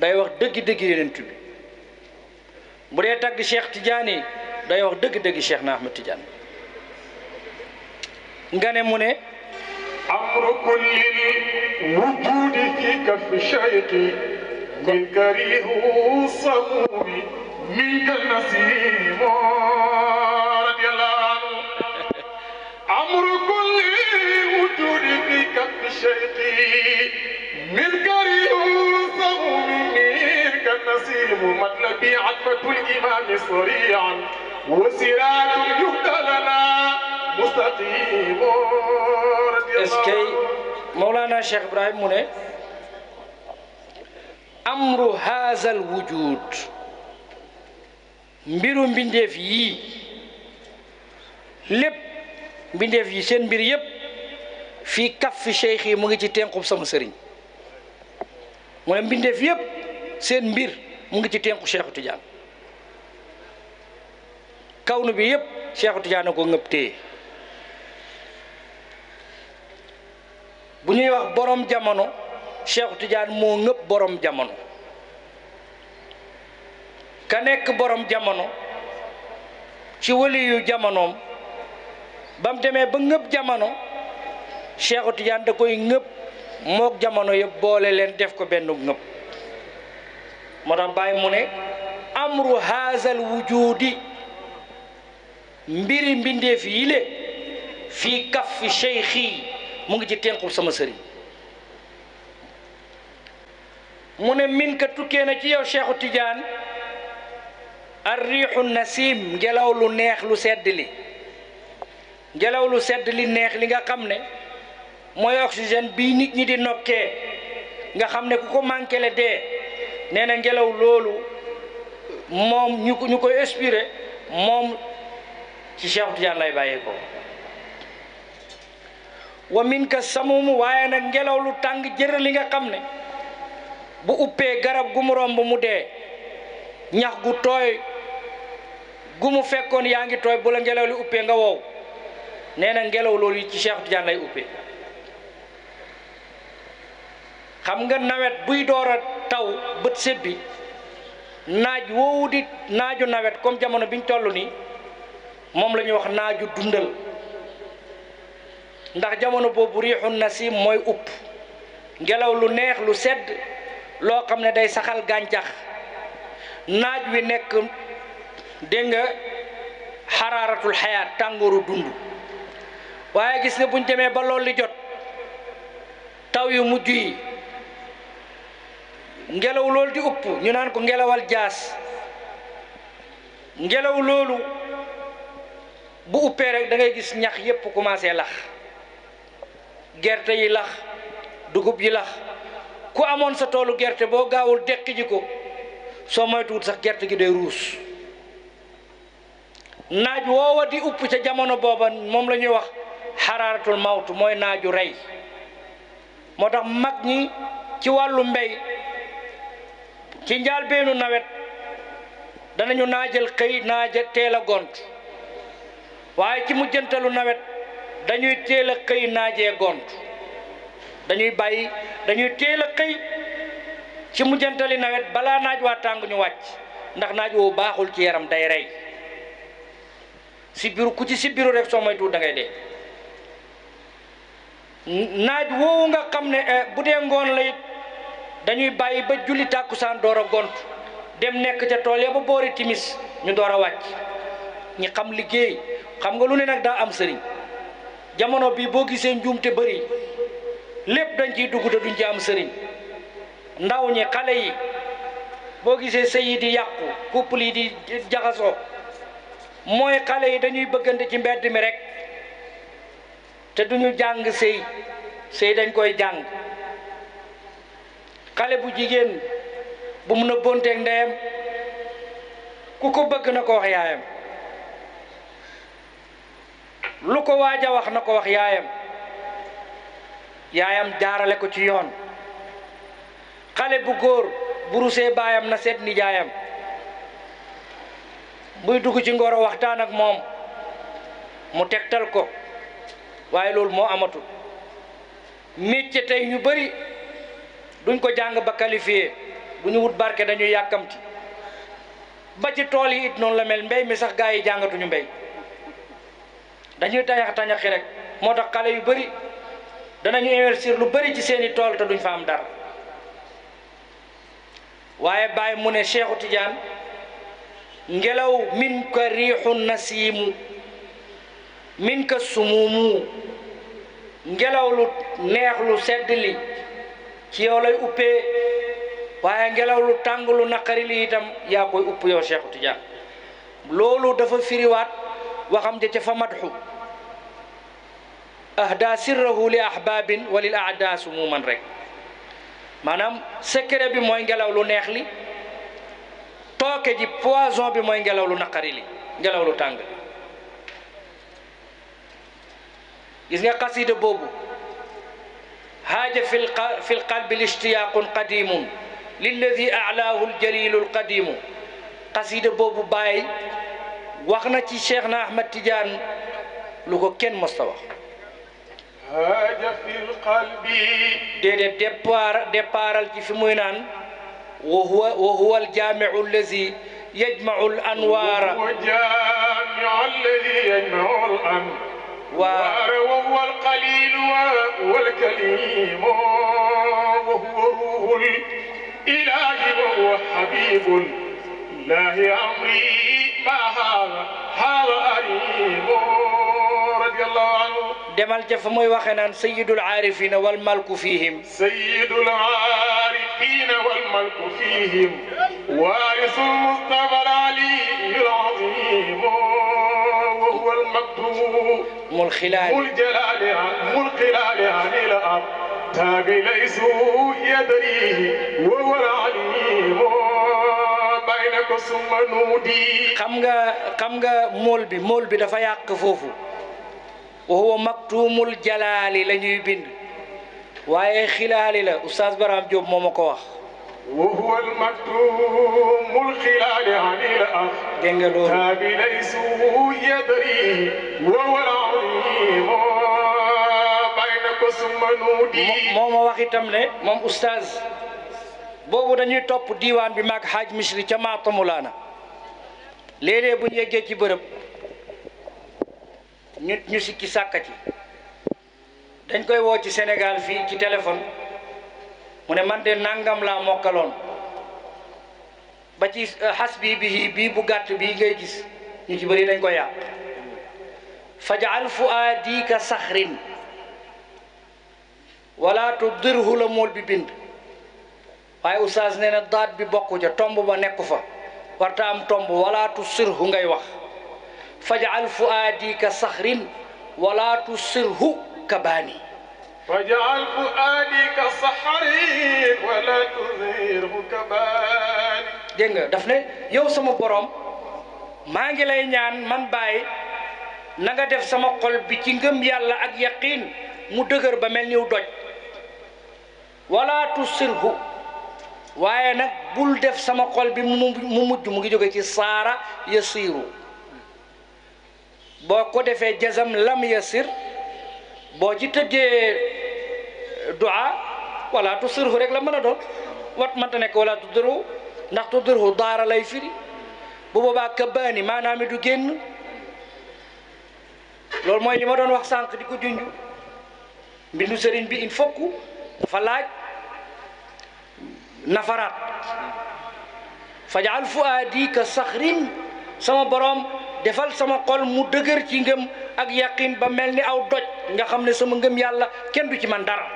D: day wax dëgg-dëgg yonent bi bu dee tagg Cheikh Tidiane day wax dëgg-dëgg Cheikh na Ahmed Tidiane nga ne mu ne amru
A: kullil
D: wujudi fika fi shayqi min karihu
A: samumi min ka nasimo شهدي من قريب منير كالنسيم مطلبي عتبة الإمام سريعا وسراج يهدى
D: لنا مستقيم رضي الله مولانا شيخ إبراهيم مني أمر هذا الوجود mbiru mbindeef yii lépp mbindeef yi seen mbir yépp fii kaf fi cheikh mu ngi ci tenqub sama sëriñ mu ne mbindeef yëpp seen mbir mu ngi ci tenqu cheikhu tidiane kaw nu bi yépp cheikhu tidiane ko ngëp téye bu ñuy wax borom jamono cheikhu tidiane moo ngëpp borom jamono ka nekk borom jamono ci wëli yu jamonoom bam demee ba ngëpp jamono Cheikhu Tidiane da koy ŋëpp mook jamono yëpp boole leen def ko benn ŋëpp moo tax bàyyi mu ne amru haazal wujudi mbiri mbindeef yile fii kaffi cheikhi mu ngi ci tenqub sama sëriñ mu ne min ka tukkee na ci yow Cheikhu Tidiane ar riixu nasim ngelaw lu neex lu sedd li ngelaw lu sedd li neex li nga xam ne mooy oxygène bii nit ñi di nokkee nga xam ne ku ko manqué le dee nee na ngelaw loolu moom ñu koy espire moom ci Cheikh Tidiane lay bàyyee ko wa min ka samumu waaye nag ngelaw lu tàng jër li nga xam ne bu uppee garab gu mu romb mu dee ñax gu tooy gu mu fekkoon yaa ngi tooy bu la ngelaw li uppee nga wow nee na ngelaw loolu ci Cheikh Tidiane lay uppee xam nga nawet buy door a taw bët set bi naaj woowu di naaju nawet comme jamono biñ toll nii moom lañu ñuy wax naaju dundal ndax jamono boobu riixu nasim mooy upp ngelaw lu neex lu sedd loo xam ne day saxal gàncax naaj wi nekk dégg nga xaraaratul xayaat tàngooru dund waaye gis nga buñ demee ba loolu jot taw yu mujj yi ngelaw loolu di upp ñu naan ko ngelawal jaas ngelaw loolu bu uppee rek da gis ñax yépp commencé lax gerte yi lax dugub yi lax ku amoon sa toolu gerte boo gaawul dekk ko soo moytuwul sax gerte gi day ruus naaj woowa di upp ca jamono booba moom la ñuy wax xaraaratul mawtu mooy naaju rey moo tax mag ñi ci wàllu mbey ci njëlbeenu nawet danañu naajal xëy naaja teel a gont waaye ci mujjantalu nawet dañuy teel a xëy naajee gont dañuy bàyyi dañuy teel a xëy ci mujjantali nawet balaa naaj waa tàng ñu wàcc ndax naaj woowu baaxul ci yaram day rey si biru ku ci si biru rek soo moytuwul da ngay dee naaj woowu nga xam ne eh, bu dee ngoon la dañuy bàyyi ba julli tàkkusaan door a gont dem nekk ca tool ya ba boori timis ñu door a wàcc ñi xam liggéey xam nga lu ne nag daa am sëriñ jamono bii boo gisee njuumte bëri lépp dañ ciy dugg te duñ ci am sëriñ ndaw ñi xale yi boo gisee sëy yi di yàqu couple yi di jaxasoo mooy xale yi dañuy bëggante ci mbedd mi rek te duñu jàng sëy sëy dañ koy jàng xale bu jigéen bu mun a bonteeg ndeyam ku ko bëgg na ko wax yaayam lu ko waaja wax na ko wax yaayam yaayam jaarale ko ci yoon xale bu góor bu rusee baayam na seet nijaayam buy dugg ci ngoro waxtaan ak moom mu tegtal ko waaye loolu moo amatul métier tey ñu bari duñ ko jàng ba qualifié bu ñu wut barke dañuy yàkkamti ba ci tool yi it noonu la mel mbéy mi sax gaa yi jàngatuñu mbéy dañuy tañax tañaxi rek moo tax xale yu bëri danañu investir lu bari ci seeni tool te duñ fa am dara waaye Baye mu ne Cheikhu Tidiane ngelaw min ka riixu nasiimu min ka sumuumu ngelaw lu neex lu sedd li ci yow lay uppee waaye ngelaw lu tàng lu naqari li itam yaa koy upp yow Cheikh Tidiane loolu dafa firiwaat waxam ja ca fa madxu ahda sirrahu li ahbabin walil aada sumuman rek maanaam secret bi mooy ngelaw lu neex li tooke ji poison bi mooy ngelaw lu naqari li ngelaw lu tàng gis nga xasida boobu haaja fi lqalbi lishtiyaaqun qadimun lilladi alaahu ljalilu lqadimu xasida boobu bàyyi wax na ci cheikh na ahmad tidiane lu ko kenn mosta wax haaja fi lqalbi déedéet départ départal ci fi muy naan wa huwa wa huwa aljaamiu alladi yajmau al anwaara وهو القليل والكليم
A: وهو روح الإله وهو حبيب
D: الله أمري ما هذا هذا أريب رضي الله عنه demal ca fa muy waxee naan sayyidul aarifina wal malku fihim sayyidul
A: aarifina wal malku fihim waarisul mustafa al-ali al-azim مكتومه
D: مول خلال مول
A: جلالها مول خلالها إلى
D: تاج ليس يدريه وهو العليم بينك ثم نودي xam nga xam nga mool bi mool bi dafa yàq foofu وهو مكتوم الجلال la ñuy bind waaye xilaali la Oustaz Barham Diop moo ma ko wax
A: وهو المكتوم الخلال عن الأخ تاب ليس يدري
D: وهو العظيم بينك ثم نودي moom moo wax itam ne moom oustaz boobu dañuy topp diiwaan bi maag xaaj misri ca maatamulaana léeg bu ñu yeggee ci bërëb ñu ñu sikki sàkka dañ koy woo ci Sénégal fii ci téléphone mu ne man de nangam laa mokaloon ba ci eh, xas bii bii bu gàtt bii ngay gis ñu ci bëri ko yàq fajaal fuaadi ka saxrin wala tudirhu la mool bi bind waaye oustaz ne na daat bi bokku ca tomb ba nekku fa warta am tomb wala tusirhu ngay wax fajaal fuaadi ka saxrin walaatu tusirhu ka baani واجعل فؤادي كالصحرين ولا تزهره كبال dégg nga daf ne yow sama borom maa ngi lay ñaan man Baye nanga def sama xol bi ci ngëm yàlla ak yaqiin mu dëgër ba mel niw doj wala tusirhu waaye nag bul def sama xol bi mu mu mujj mu ngi jóge ci saara yasiru boo ko defee jazam lam yasir boo ci tëjee euh, du'a wala tusirhu rek la mën a doon wat mënta nekk wala tudurhu ndax tudurhu daara lay firi bu boobaa kabaani maanaam du génn loolu mooy li ma doon wax sànq di ko junj mbindu sëriñ bi il faut que dafa laaj nafaraat fajaal fuaadi ka saxrin sama borom defal sama xol mu dëgër ci ngëm ak yaqin ba mel ni aw doj nga xam ne sama ngëm yàlla kenn du ci man dara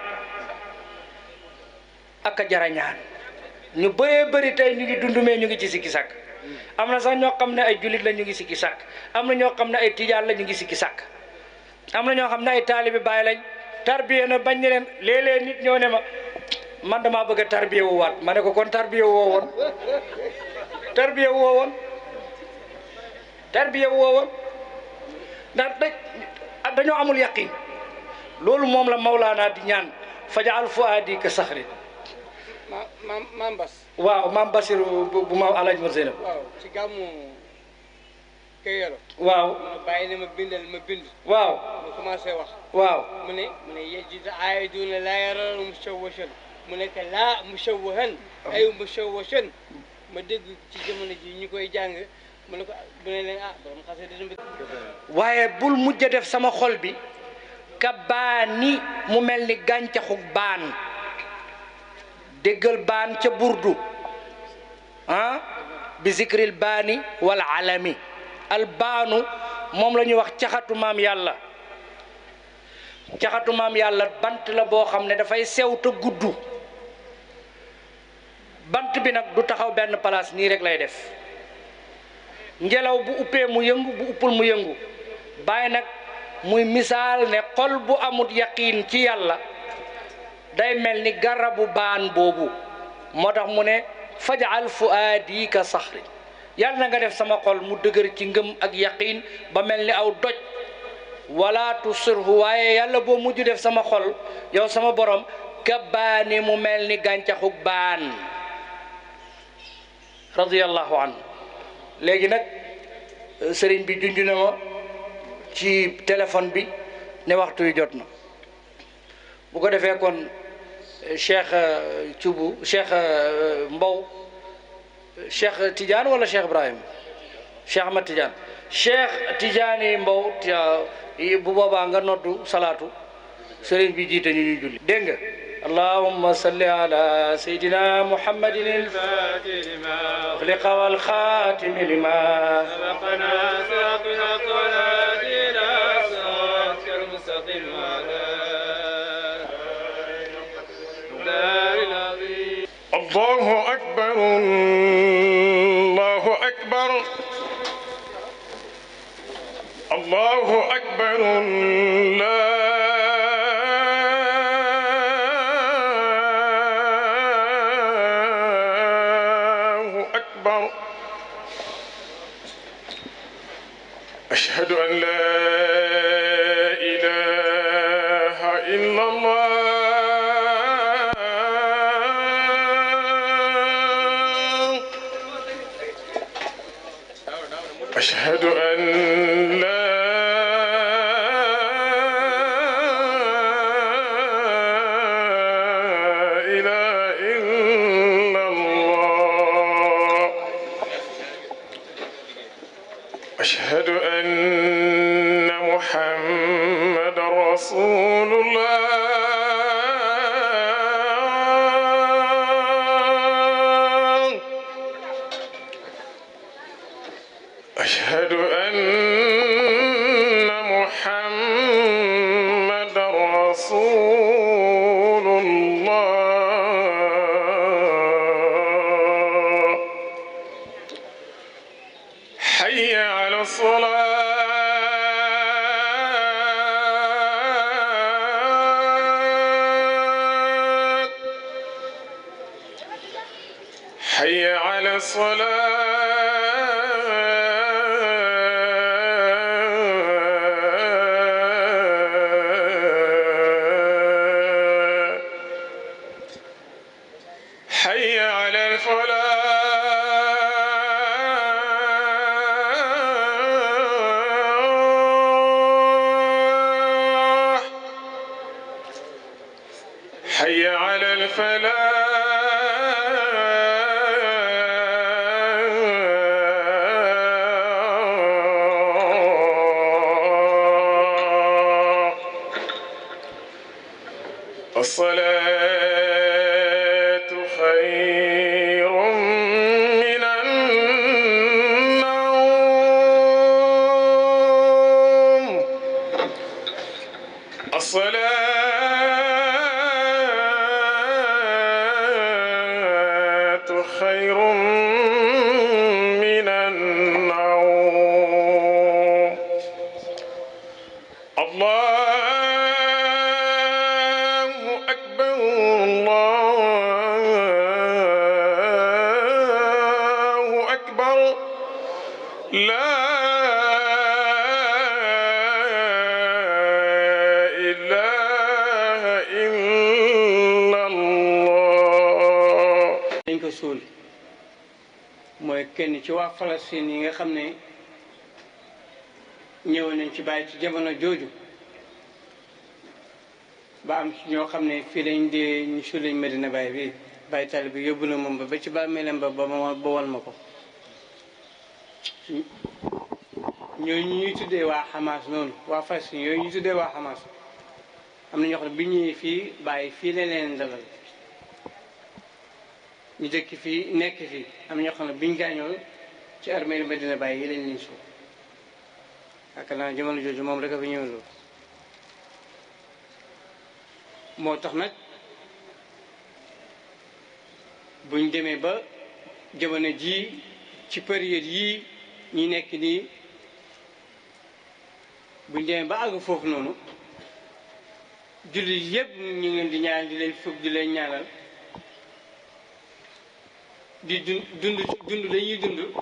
D: aka a ñu bëree bëri tey ñu ngi dundumee ñu ngi ci sikki sàkk am na sax ñoo xam ne ay jullit la ñu ngi sikki sàkk am na ñoo xam ne ay tijaan la ñu ngi sikki sàkk am na ñoo xam ne ay taalibi bàyyi lañ tarbiye na bañ ne leen nit ñoo ne ma man damaa bëgg a tarbiye wu waat ma ne ko kon tarbiye woo woon tarbiye woo tarbiye woo ndax da dañoo amul yaqin loolu moom la Mawlaana di ñaan fajaal fuaadi ka saxri
E: ma maam maam Bas.
D: waaw maam Basir bu bu ma Alaaji Mor Zeynab.
E: waaw ci gàmmu Keyoro. waaw bàyyi ne ma bindal ma bind. waaw mu commencé wax. waaw mu ne mu ne yejid aayiduuna laa mu ah. ma dégg ci jamono ji ñu koy jàng. mu ne ah,
D: waaye bul mujj def sama xol bi ka baani mu mel ni gàncaxu baan déggal baan ca burdu ah bi zikril baani wal al baanu moom la ñuy wax caxatu maam yàlla caxatu maam yàlla bant la boo xam ne dafay sew te gudd bant bi nag du taxaw benn place nii rek lay def ngelaw bu uppee mu yëngu bu uppul mu yëngu bàyyi nag muy misaal ne xol bu amut yaqiin ci yàlla day mel ni garabu baan boobu moo tax mu ne fajal fuaadi ka saxri yàlla na nga def sama xol mu dëgër ci ngëm ak yaqiin ba mel ni aw doj walaatu tusirhu waaye yàlla boo mujj def sama xol yow sama borom ka baani mu mel ni gàncaxu baan radiyallahu anhu léegi nag euh, sëriñ bi junj na ma ci téléphone bi ne waxtu wi jot na bu ko defee kon euh, cheikh euh, Thioubou cheikh Mbow cheikh Tidiane wala cheikh Ibrahim cheikh Ahmad Tidiane cheikh Mbow bu boobaa nga noddu salaatu sëriñ bi jiite ñu ñuy julli dégg nga اللهم صل على سيدنا محمد الفاتح لما أغلق والخاتم لما
C: سبقنا سبقنا الصلاة إلى صراط المستقيم وعلى
A: الله أكبر الله أكبر الله أكبر لا
E: kenn ci waa Palestine nii nga xam ne ñëw nañ ci bàyyi ci jamono jooju ba am ci ñoo xam ne fii lañ dee ñu suulañ Medina Baye bi Baye Talib bi yóbbu na moom ba ci bàmmeelam ba ba ma ba wal ma ko ñooñu ñuy tuddee waa Hamas noonu waa Palestine yooyu ñuy tuddee waa Hamas am na ñoo xam bi ñëwee fii bàyyi fii la leen dalal ñu dëkk fii nekk fi am ñoo xam ne biñ gaañoo ci armée Medina Baye yi lañ leen suuf yaakaar naa jamono jooju moom rek a fi ñëw loolu moo tax nag buñ demee ba jamono jii ci période yi ñi nekk nii buñ demee ba àgg foofu noonu jullit yëpp ñu ngi di ñaan di leen fukk di leen ñaanal di dund dund dañuy dund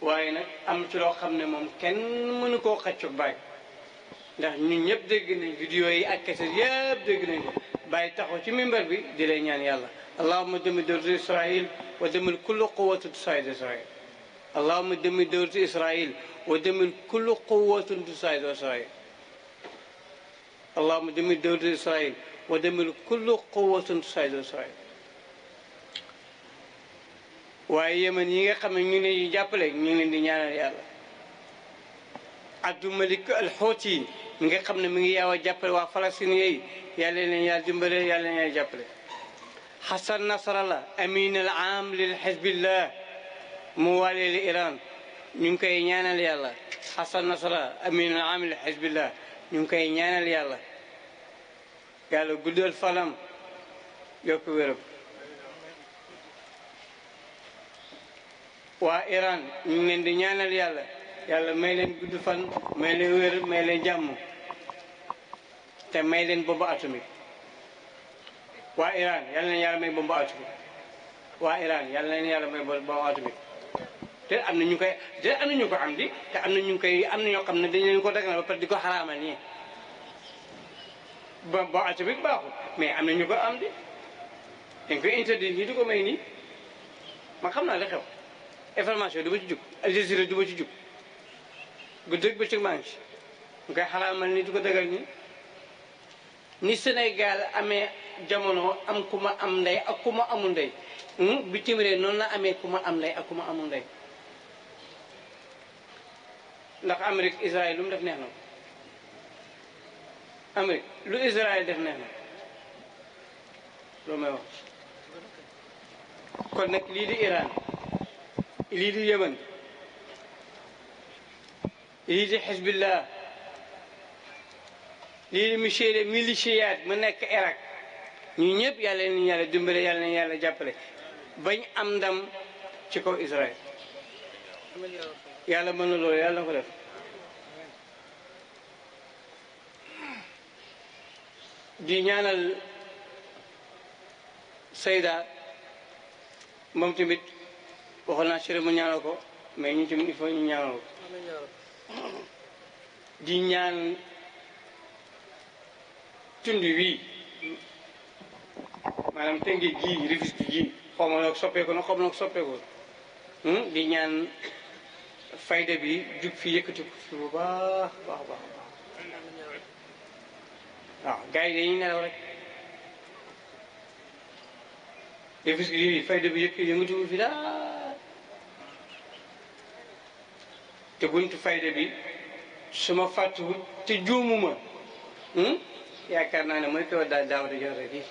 E: waaye nag am ci loo xam ne moom kenn mënu koo xaccu bàyyi ndax ñu ñëpp dégg nañ vidéo yi ak kese yëpp dégg nañ ko bàyyi taxaw ci mimbar bi di lay ñaan yàlla allahuma demi dawlatu israil wa demil kullu quwatun tusaid israil allahuma demi dawlatu israil wa demil kullu quwatun tusaid israil allahuma demi dawlatu israil wa demil kullu quwatun tusaid waaye yemen yi nga xam ne ñu ngi leen di jàppale ñu ngi leen di ñaanal yàlla Abdou Malik al Houthi mi nga xam ne mi ngi yaaw a jàppale waa Falastin yooyu yàlla leen yàlla dimbale yàlla leen yàlla jàppale Hassan Nasrallah amin al am lil Hizbillah mu waalee li Iran ñu ngi koy ñaanal yàlla Hassan Nasrallah amin al am lil Hizbillah ñu ngi koy ñaanal yàlla yàlla guddal fanam yokk wéram waa Iran ñu ngi leen di ñaanal yàlla yàlla may leen gudd fan may leen wér may leen jàmm te may leen bombe atomique waa Iran yàlla leen yàlla may bombe atomique waa Iran yàlla leen yàlla may bombe atomique te am na ñu koy te am na ñu ko am di te am na ñu koy am na ñoo xam ne dañ leen ko daganal ba pare di ko xaraamal nii bombe atomique baaxul mais am na ñu ko am di dañ koy interdit nii di ko may nii ma xam naa li xew information du ma ci jug ak gestion du ma ci jug guddi ak bëccëg maa ngi ci mu ni du ko dagal ni ni Sénégal amee jamono am ku ma am ndey ak ku ma amul ndey hmm? bitim réew noonu la amee ku ma am ndey ak ku ma amul ndey ndax Amérique Israël lu mu def neex na ko Amérique lu Israël def neex na loolu kon nag lii di Iran إليد اليمن إليد حزب الله lii monsieur miliciyaat mu nekk Irak ñu ñëpp yàlla nañu yàlla dimbale yàlla nañu yàlla jàppale bañ am ndam ci kaw Israël yàlla mën na loolu yàlla na ko def di ñaanal Seyda moom tamit waxoon naa Chérif mu ñaanal ko mais ñu tamit ñu ñaanal di ñaan tund wii maanaam tënge gii Rufisque gii xaw ma soppeeku na xaw ma nag soppeeku hmm? di ñaan fayda bi jug fi yëkkati ko fi bu baax baax baax waaw gars yi dañuy nelaw rek Rufisque yii fayda bi yëkkati yëngatu fi daal te buntu fayda bi su ma fàttewut te juumuma hmm? yaakaar naa ne mooy ko daal daaw di joxe fii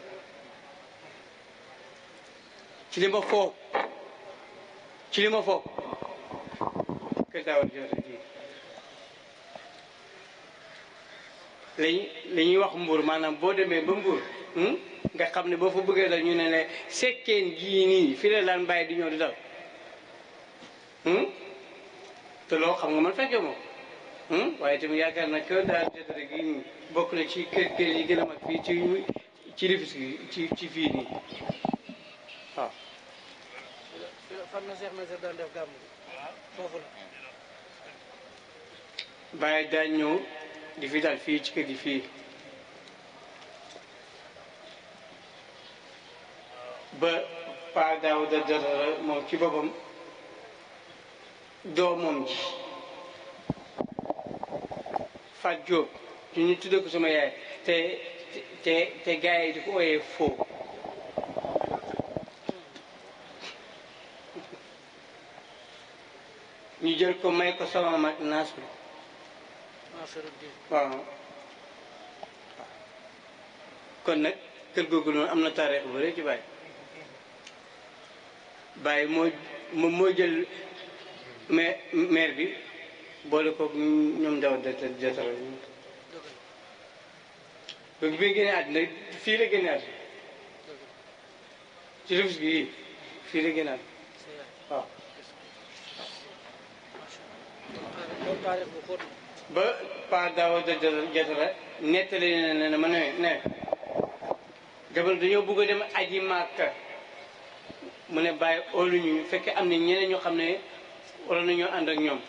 E: ci li ma foog ci li ma foog ko daaw di joxe fii lañ li ñuy wax mbuur maanaam boo demee ba mbuur hmm? nga xam ne boo fa bëggee dal ñu ne ne sekkeen gii nii fi la daan bàyyi di ñëw di dal hmm? te loolu xam nga man fekke moom hmm? waaye tamit yaakaar naa que daal Jadara gi nii bokk na ci kër kër yi gën a mag fii ci ci Rufisque gi ci ci fii nii waaw. fan na Cheikh Nasser daan def gàmmu foofu la. Baye daañ ñëw di fi daal fii ci kër gi fii ba Pa Daawuda Jadara moom ci boppam. doomam ji Fat Diop ñu ñu tudde ko yaay te te te gars di ko ooyee foo ñu jël ko may ko sama mag Nasru kon nag kër googu noonu am na taarix bu rëy ci Baye moo moo jël mais maire bi boole kook ñoom daw jatara ba bi génne àddina fii la génne àddina ci rufus gi fii la génne àddina waaw ba Paa Daawa jatara nettali ne ne ma ne ne jabar dañoo bëgg a dem aji Màkka mu ne bàyyi óolu ñu fekk am na ñeneen ñoo xam ne waroon nañoo ànd ak ñoom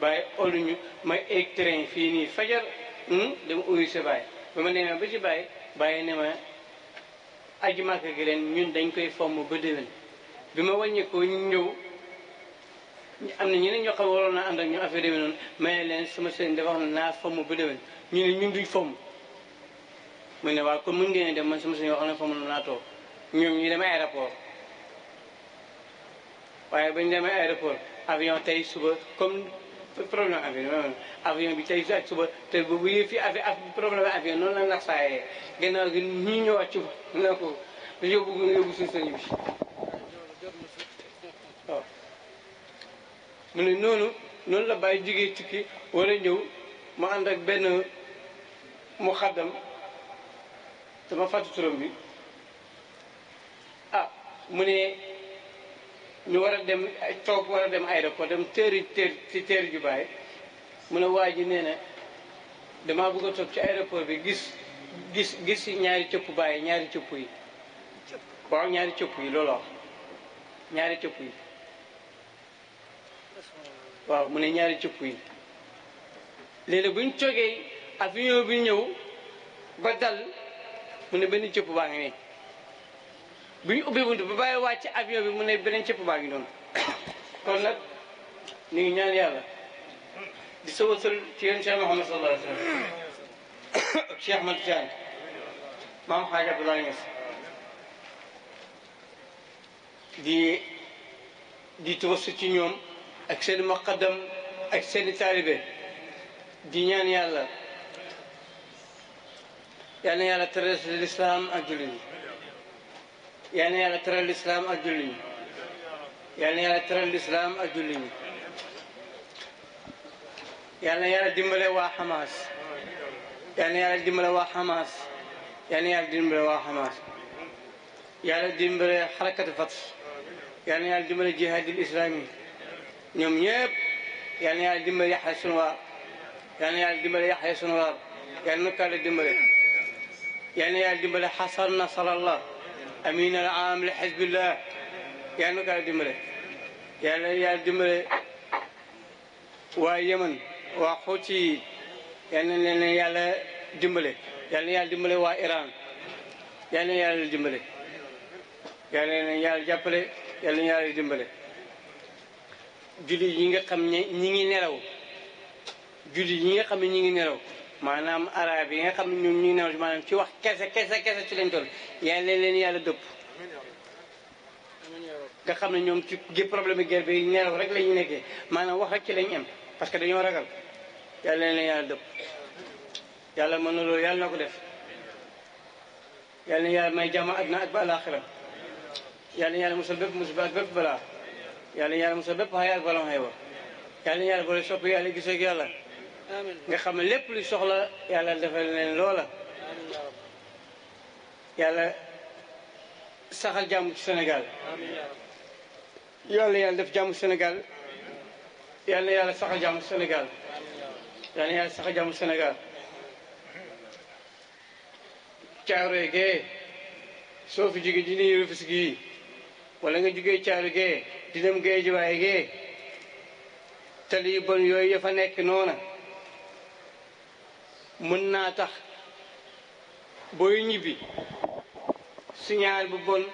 E: bàyyi oluñu may eeg fii nii fajar hmm, dama uyu sa bàyyi ba ma demee ba ci ne ma aji màkk gi ren ñun dañ koy fomm ba déwén bi ma wàññeekoo ñu ñëw am na ñu ñoo xam waroon naa ànd ak ñu affaire demee noonu leen sama sëriñ dafa xam ne naa fomm ñun duñ fomm mu ne waaw kon mën ngeen dem ma sama sëriñ yoo na naa toog ñoom ñu demee aéroport waaye bañ demee aéroport avion tey suba comme problème avion euh, avion bi tey ak suba te bu yëf yi ak problème avion noonu la ndax saa yee gannaaw gi ñuy ñëwaat ci na ko yóbbu yóbbu suñu sëñ bi mu ne noonu noonu la bàyyi jigee tukki war a ñëw mu ànd ak benn mu xaddam dama fàttu turam bi ah mu ne ñu war a dem toog war a dem aéroport dem teeri teer ci teer jubaay mu ne waa ji nee na damaa bëgg a toog ci aéroport bi gis gis gis ñaari cëpp bàyyi ñaari cëpp yi waaw ñaari cëpp yi lolo ñaari cëpp yi waaw mu ne ñaari cëpp yi léegi bu ñu toogee avion bi ñëw ba dal mu ne benn cëpp baa ngi ne bu ñu ubbi buntu ba bàyyi wàcc avion bi mu ne beneen cëpp baa ngi noonu kon nag ñu ngi ñaan yàlla di sawal ci yéen Cheikh Mouhamed sallallahu alayhi wa
B: sallam
E: Cheikh Ahmad Tidiane maam Xaaj di di tawassu ci ñoom ak seen maqadam ak seen taalibe di ñaan yàlla yal na yàlla tere lislaam ak jullit yi yal na yàlla teral lislaam ak julli ñi yal na yàlla teral lislaam ak julli ñi yal na yàlla dimbale waa Hamas yal na yàlla dimbale waa Hamas yal na yàlla dimbale waa Hamas yàlla dimbale xarakatu fat yal na yàlla dimbale jihaadil islaami ñoom ñëpp yal na yàlla dimbale Yaxya Sunwaar yal na yàlla dimbale Yaxya Sunwaar yal na yàlla dimbale yal na yàlla dimbale Xasan Nasrallah amin al am li xisbillah yal na ko yàlla dimbale yàlla yàlla dimbale waa Yemen waa Houthi yal na leen yàlla dimbale yal na yàlla dimbale waa Iran yal na yàlla dimbale yal na leen yàlla jàppale yal na yàlla dimbale julli yi nga xam ne ñi ngi nelaw julli yi nga xam ne ñi ngi nelaw maanaam arab yi nga xam ne ñoom ñu ngi newoon maanaam ci wax kese kese kese ci lañ toll yàlla leen leen yàlla dëpp nga xam ne ñoom ci gi problème bi guerre bi neeraw rek la ñu nekkee maanaam wax rek ci lañ am parce que dañoo ragal yàlla leen leen yàlla dëpp yàlla mën na loolu yàlla na ko def yàlla na yàlla may jàmm àddina ak ba àlaaxira yàlla na yàlla musal bépp musiba ak bépp balaa yàlla na yàlla musal bépp xay ak balaa xay wa yàlla na yàlla boole sopp yàlla gisoo ak yàlla nga xam ne lépp lu soxla yàlla defal leen loola yàlla saxal jàmm ci Sénégal yàlla yàlla jàmm Sénégal yàlla yàlla saxal jàmm Sénégal yàlla yàlla saxal jàmm Sénégal caaro gee soo fi jógee di nuyu Rufisque gii wala nga jógee caaro gee di dem géej waaye gee tali yu yooyu ya nekk noona mën naa tax booy ñibbi signal bu bon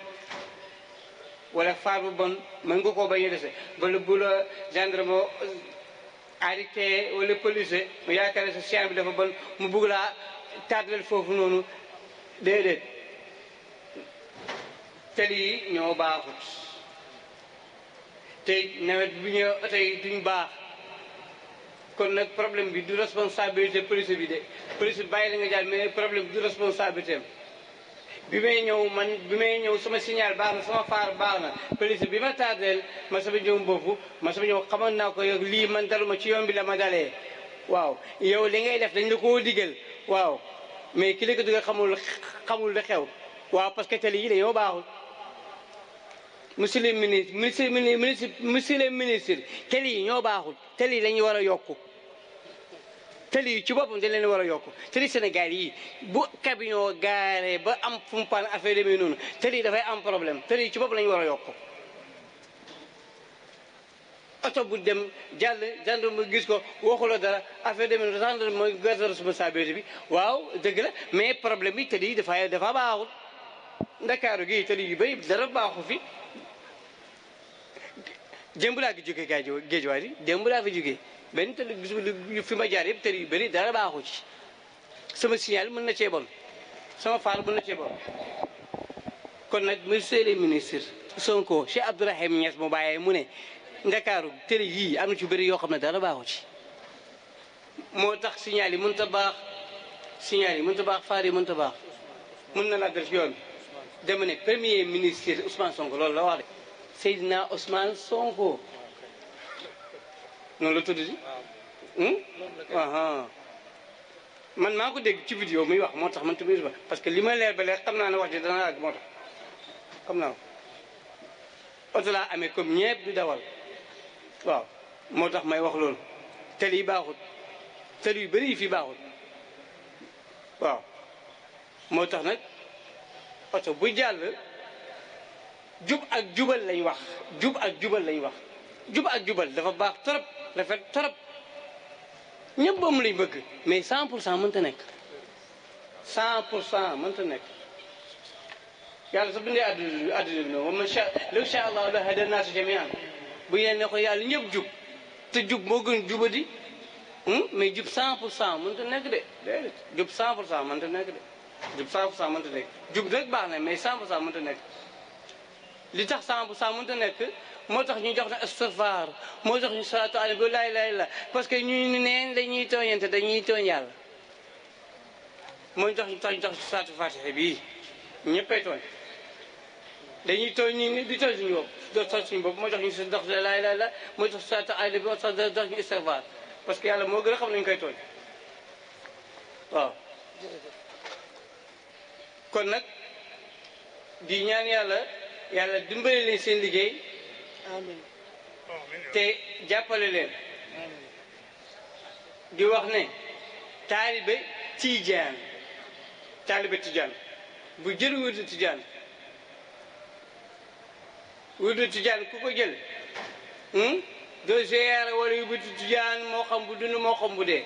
E: wala faar bu bon mën nga koo bañ a dese wala bul gendre gendarme arrêté wala police mu yaakaar ne sa signal bi dafa bon mu bugg laa tardel foofu noonu déedéet tali yi ñoo baaxut te nawet bu ñëw tey duñ baax kon nag problème bi du responsabilité police bi de police bi bàyyi la nga jàll mais problème bi du responsabilité am bi may ñëw man bi may ñëw sama signal baax na sama faar baax na police bi ma tardeel ma sama ñëw boobu ma sama ñëw xamoon naa ko yow lii man ma ci yoon bi la ma dalee waaw yow li ngay def dañ la koo diggal waaw mais ki la ko digal xamul la xew waaw parce que télé yi dañoo baaxul monsieur le ministre monsieur le ministre monsieur yi ñoo baaxul tele yi la war a yokku tëli yi ci boppam dañ leen war a yokk tëli Sénégal yi bu camion gaare ba am fu mu paan affaire demee noonu tëli dafay am problème tëli ci bopp lañu war a yokk oto bu dem jàll gendarme mu gis ko waxuloo dara affaire demee noonu gendarme mooy garde responsabilité bi waaw dëgg la mais problème bi tëli yi dafa dafa baaxul ndakaaru gi tëli yu bëri dara baaxu fi démb laa gi jógee géej waay yi démb laa mais nit gis fi ma jaar yëpp tër yu bëri dara baaxu ci sama signal mën na cee bon sama faar mën na cee bon kon nag monsieur le ministre Sonko Cheikh Abdourahim Niass mu bàyyee mu ne ndakaaru tër yii am na ci bëri yoo xam ne dara baaxu ci moo tax signal yi mënut a baax signal yi mënut a baax faar yi mënut a baax mën na laa def yoon dama ne premier ministre Ousmane Sonko loolu la wax de Seydina Ousmane Sonko noonu la tudd di hmm? man maa ko dégg ci vidéo muy wax moo tax man tamit parce que li ma leer ba leer xam naa ne wax ji dana àgg moo tax xam naa ko oto laa amee comme ñeeb di dawal waaw moo tax may wax loolu tali yi baaxut tali yu bëri yi fi baaxut waaw moo tax nag oto bu jàll jub ak jubal lañ wax jub ak jubal lañ wax jub ak jubal dafa baax trop rafet trop ñëpp am lañ bëgg mais cent pour cent mënta nekk cent pour cent mënta nekk yàlla sa bindee adduna adduna bi noonu wa man a law sha allahu la hada naas jamian bu yéen ne ko yàlla ñëpp jub te jub moo gën di hmm, mais jub cent pour cent mënta nekk de déedéet jub cent pour cent mënta nekk de jub cent pour cent mënta nekk baax na mais cent pour cent mënta li tax cent pour cent mënta nekk moo tax ñu jox na istighfar moo tax ñu salaatu ala nabi laa ilaaha illa parce que ñu neen dañuy tooñante dañuy tooñ yàlla moo tax ñu tax ñu tax salaatu fatiha bii ñëppay tooñ dañuy tooñ ñu ne di tooñ suñu bopp do tooñ suñu bopp moo tax ñu dox laa ilaaha illa moo tax salaatu ala nabi moo tax dox ñu istighfar parce que yàlla moo gën a xam nañu koy tooñ waaw kon nag di ñaan yàlla yàlla dimbale leen seen liggéey te jàppale leen di wax ne taalibe tijaan taalibe tijaan bu jël wirdu tijaan wirdu tijaan ku ko jël hmm, doo ziyaara wala yóbbu tijaan moo xam dund moo xam bu dee